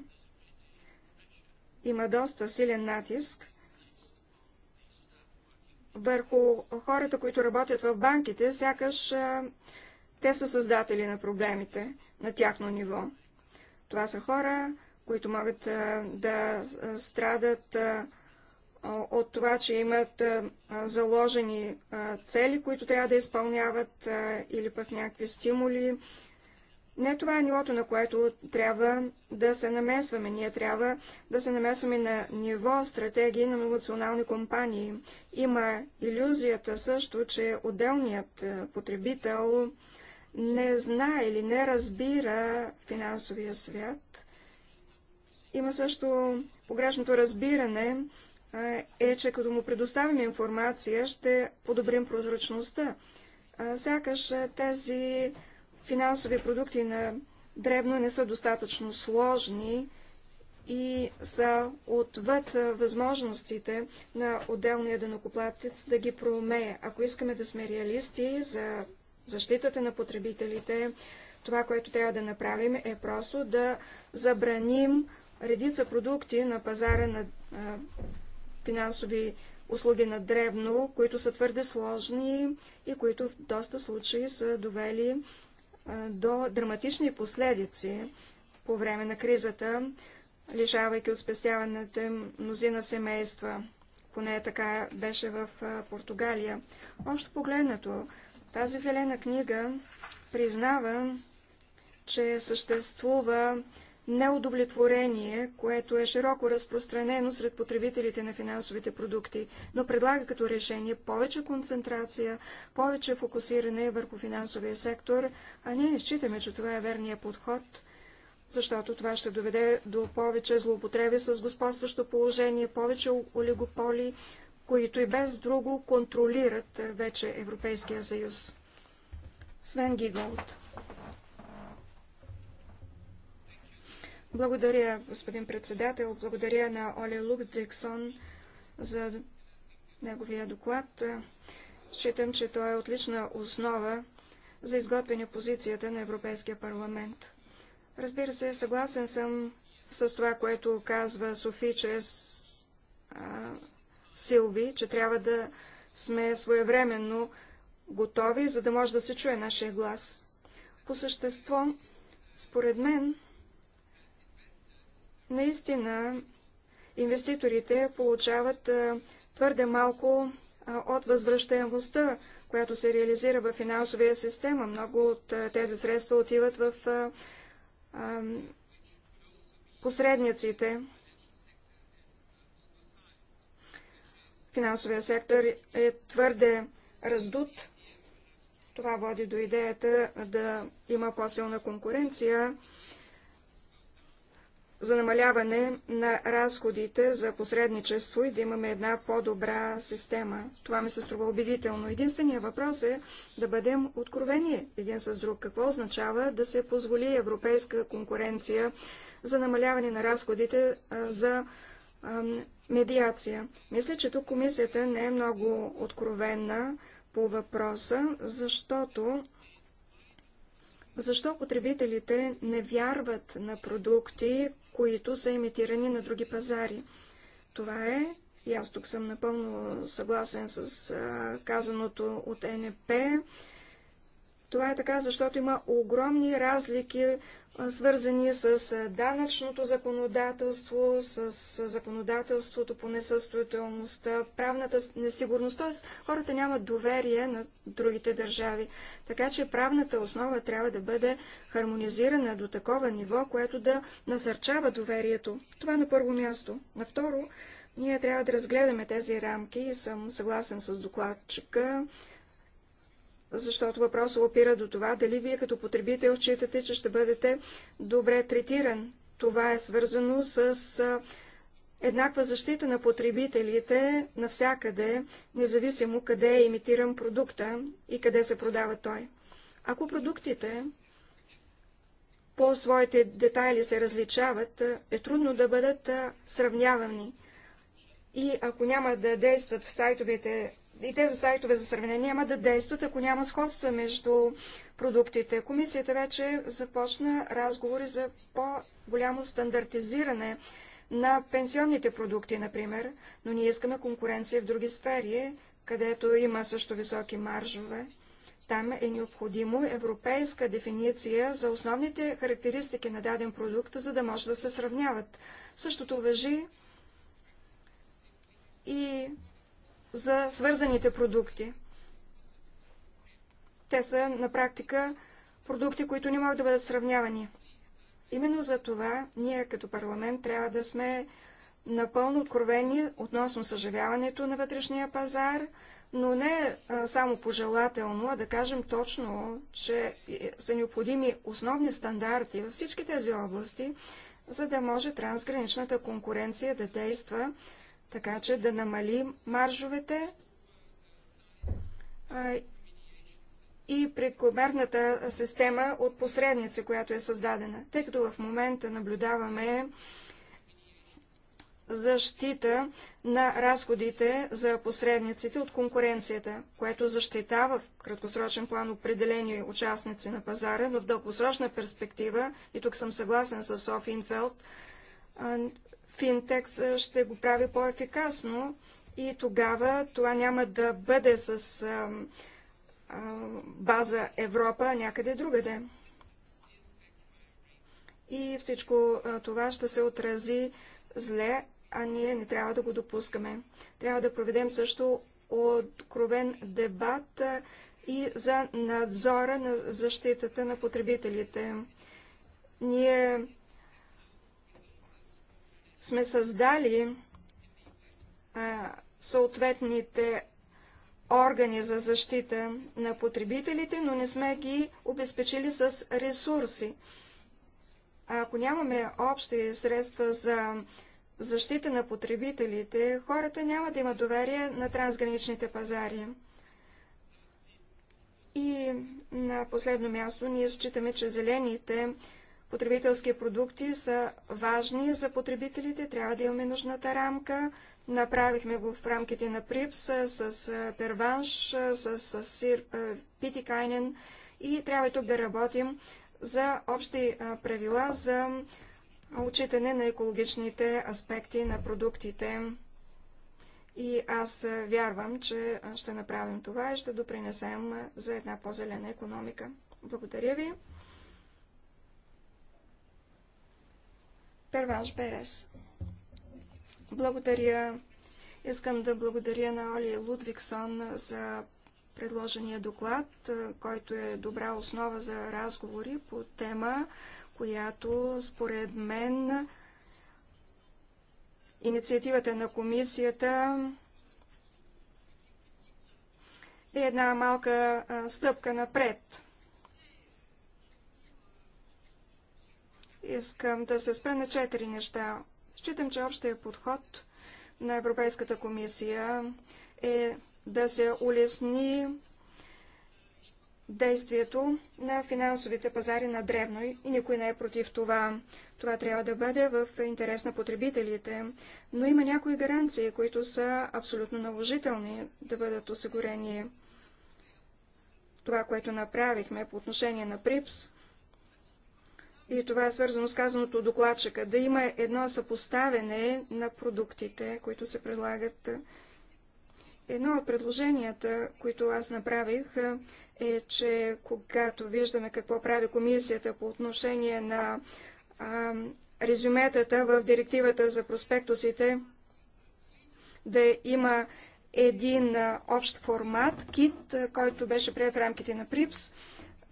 Има доста силен натиск върху хората, които работят в банките, сякаш те са създатели на проблемите на тяхно ниво. Това са хора, които могат да страдат от това, че имат заложени цели, които трябва да изпълняват или пък някакви стимули. Не това е нивото, на което трябва да се намесваме. Ние трябва да се намесваме на ниво стратегии на национални компании. Има иллюзията също, че отделният потребител, не знае или не разбира финансовия свят. Има също погрешното разбиране, е, че като му предоставим информация, ще подобрим прозрачността. Сякаш тези финансови продукти на древно не са достатъчно сложни и са отвъд възможностите на отделния денокоплатец да ги промее. Ако искаме да сме реалисти за защитата на потребителите, това, което трябва да направим е просто да забраним редица продукти на пазара на а, финансови услуги на древно, които са твърде сложни и които в доста случаи са довели а, до драматични последици по време на кризата, лишавайки от спестяването мнозина семейства. Поне така беше в а, Португалия. Общо погледнато, тази зелена книга признава, че съществува неудовлетворение, което е широко разпространено сред потребителите на финансовите продукти, но предлага като решение повече концентрация, повече фокусиране върху финансовия сектор, а ние не считаме, че това е верният подход, защото това ще доведе до повече злоупотреби с господстващо положение, повече олигополи, които и без друго контролират вече Европейския съюз. Свен Гиголд. Благодаря, господин председател. Благодаря на Оле Лубдвиксон за неговия доклад. Считам, че той е отлична основа за изготвяне позицията на Европейския парламент. Разбира се, съгласен съм с това, което казва Софи, чрез а, Силви, че трябва да сме своевременно готови, за да може да се чуе нашия глас. По същество, според мен, наистина инвеститорите получават твърде малко от възвръщаемостта, която се реализира в финансовия система. Много от тези средства отиват в посредниците. финансовия сектор е твърде раздут. Това води до идеята да има по-силна конкуренция за намаляване на разходите за посредничество и да имаме една по-добра система. Това ми се струва убедително. Единственият въпрос е да бъдем откровени един с друг. Какво означава да се позволи европейска конкуренция за намаляване на разходите за медиация. Мисля, че тук комисията не е много откровенна по въпроса, защото защо потребителите не вярват на продукти, които са имитирани на други пазари? Това е, и аз тук съм напълно съгласен с казаното от НП, това е така, защото има огромни разлики, свързани с данъчното законодателство, с законодателството по несъстоятелността, правната несигурност. Т.е. хората нямат доверие на другите държави. Така че правната основа трябва да бъде хармонизирана до такова ниво, което да насърчава доверието. Това на първо място. На второ, ние трябва да разгледаме тези рамки и съм съгласен с докладчика защото въпросът опира до това, дали вие като потребител считате, че ще бъдете добре третиран. Това е свързано с еднаква защита на потребителите навсякъде, независимо къде е имитиран продукта и къде се продава той. Ако продуктите по своите детайли се различават, е трудно да бъдат сравнявани. И ако няма да действат в сайтовете и тези сайтове за сравнение няма да действат, ако няма сходство между продуктите. Комисията вече започна разговори за по-голямо стандартизиране на пенсионните продукти, например, но ние искаме конкуренция в други сфери, където има също високи маржове. Там е необходимо европейска дефиниция за основните характеристики на даден продукт, за да може да се сравняват. Същото въжи и за свързаните продукти. Те са на практика продукти, които не могат да бъдат сравнявани. Именно за това ние като парламент трябва да сме напълно откровени относно съживяването на вътрешния пазар, но не само пожелателно, а да кажем точно, че е, са необходими основни стандарти във всички тези области, за да може трансграничната конкуренция да действа така че да намалим маржовете и прекомерната система от посредница, която е създадена. Тъй като в момента наблюдаваме защита на разходите за посредниците от конкуренцията, което защитава в краткосрочен план определени участници на пазара, но в дългосрочна перспектива, и тук съм съгласен с Софи Инфелд, Финтекс ще го прави по-ефикасно и тогава това няма да бъде с а, а, база Европа, а някъде другаде. И всичко това ще се отрази зле, а ние не трябва да го допускаме. Трябва да проведем също откровен дебат и за надзора на защитата на потребителите. Ние сме създали а, съответните органи за защита на потребителите, но не сме ги обезпечили с ресурси. А ако нямаме общи средства за защита на потребителите, хората няма да имат доверие на трансграничните пазари. И на последно място ние считаме, че зелените потребителски продукти са важни за потребителите, трябва да имаме нужната рамка. Направихме го в рамките на ПРИПС с перванш, с, с сир Пити Кайнен и трябва тук да работим за общи правила за отчитане на екологичните аспекти на продуктите. И аз вярвам, че ще направим това и ще допринесем за една по-зелена економика. Благодаря ви. Перваш Берес. Благодаря. Искам да благодаря на Оли Лудвиксон за предложения доклад, който е добра основа за разговори по тема, която според мен инициативата на комисията е една малка стъпка напред. Искам да се спра на четири неща. Считам, че общия подход на Европейската комисия е да се улесни действието на финансовите пазари на дребно и никой не е против това. Това трябва да бъде в интерес на потребителите, но има някои гаранции, които са абсолютно наложителни да бъдат осигурени. Това, което направихме по отношение на ПРИПС, и това е свързано с казаното докладчика, да има едно съпоставяне на продуктите, които се предлагат. Едно от предложенията, които аз направих, е, че когато виждаме какво прави комисията по отношение на а, резюметата в директивата за проспектусите, да има един общ формат, кит, който беше прият в рамките на ПРИПС,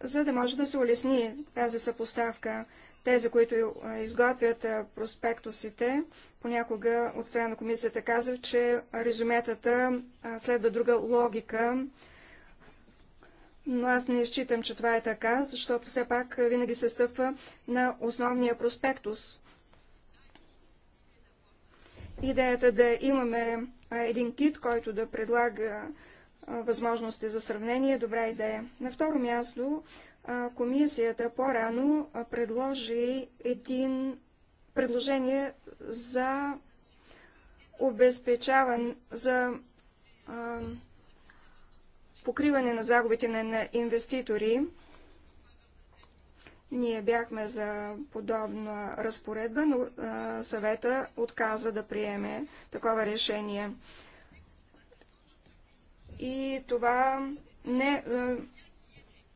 за да може да се улесни тази съпоставка. Тези, които е, изготвят е, проспектусите, понякога от страна на комисията казва, че резюметата е, следва друга логика. Но аз не считам, че това е така, защото все пак винаги се стъпва на основния проспектус. Идеята да имаме един кит, който да предлага възможности за сравнение е добра идея. На второ място, комисията по-рано предложи един предложение за обезпечаване, за покриване на загубите на, инвеститори. Ние бяхме за подобна разпоредба, но съвета отказа да приеме такова решение и това не е,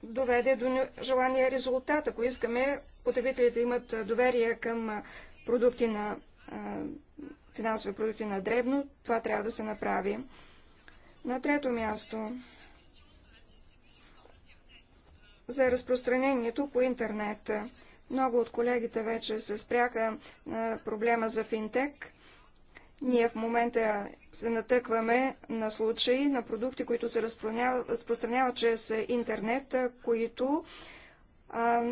доведе до желания резултат. Ако искаме потребителите имат е, доверие към е, продукти на финансови продукти на дребно, това трябва да се направи. На трето място за разпространението по интернет. Много от колегите вече се спряха на проблема за финтек – ние в момента се натъкваме на случаи на продукти, които се разпространяват чрез интернет, които а,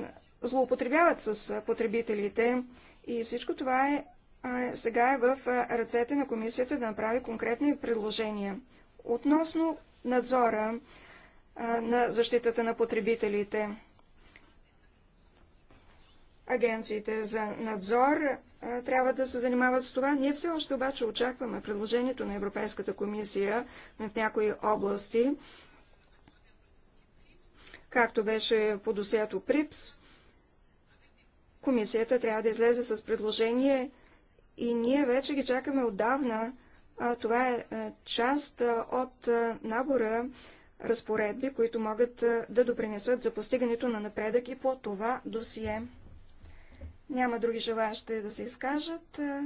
злоупотребяват с потребителите. И всичко това е, а, сега е в ръцете на комисията да направи конкретни предложения. Относно надзора а, на защитата на потребителите агенциите за надзор трябва да се занимават с това. Ние все още обаче очакваме предложението на Европейската комисия в някои области, както беше по досието ПРИПС. Комисията трябва да излезе с предложение и ние вече ги чакаме отдавна. това е, е част от набора разпоредби, които могат да допринесат за постигането на напредък и по това досие. Няма други желаящи да се изкажат. Е,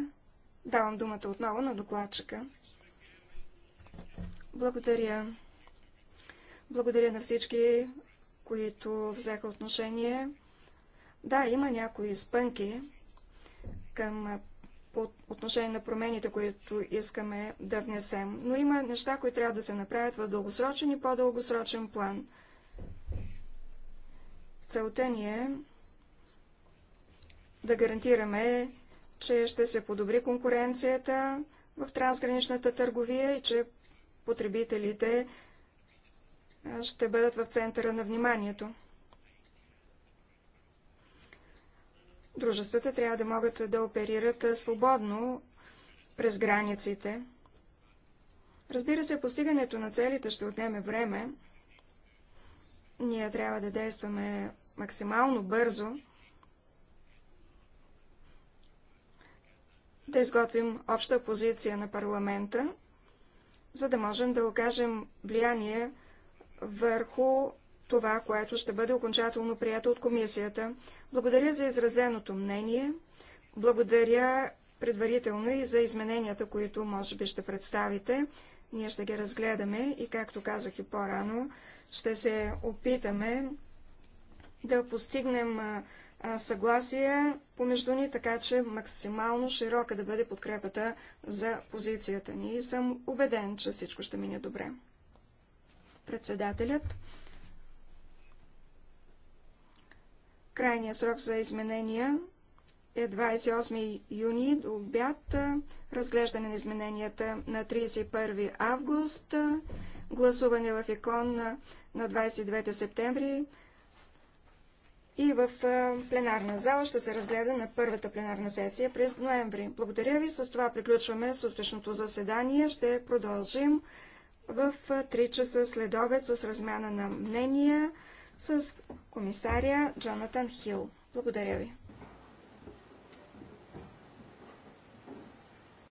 давам думата отново на докладчика. Благодаря. Благодаря на всички, които взеха отношение. Да, има някои спънки към е, по отношение на промените, които искаме да внесем. Но има неща, които трябва да се направят в дългосрочен и по-дългосрочен план. Целта ни е да гарантираме, че ще се подобри конкуренцията в трансграничната търговия и че потребителите ще бъдат в центъра на вниманието. Дружествата трябва да могат да оперират свободно през границите. Разбира се, постигането на целите ще отнеме време. Ние трябва да действаме максимално бързо, да изготвим обща позиция на парламента, за да можем да окажем влияние върху това, което ще бъде окончателно прието от комисията. Благодаря за изразеното мнение. Благодаря предварително и за измененията, които може би ще представите. Ние ще ги разгледаме и, както казах и по-рано, ще се опитаме да постигнем съгласие помежду ни, така че максимално широка да бъде подкрепата за позицията ни. И съм убеден, че всичко ще мине добре. Председателят. Крайният срок за изменения е 28 юни до обяд, разглеждане на измененията на 31 август, гласуване в икон на 29 септември, и в пленарна зала ще се разгледа на първата пленарна сесия през ноември. Благодаря ви. С това приключваме сутрешното заседание. Ще продължим в 3 часа след обед с размяна на мнения с комисаря Джонатан Хил. Благодаря ви.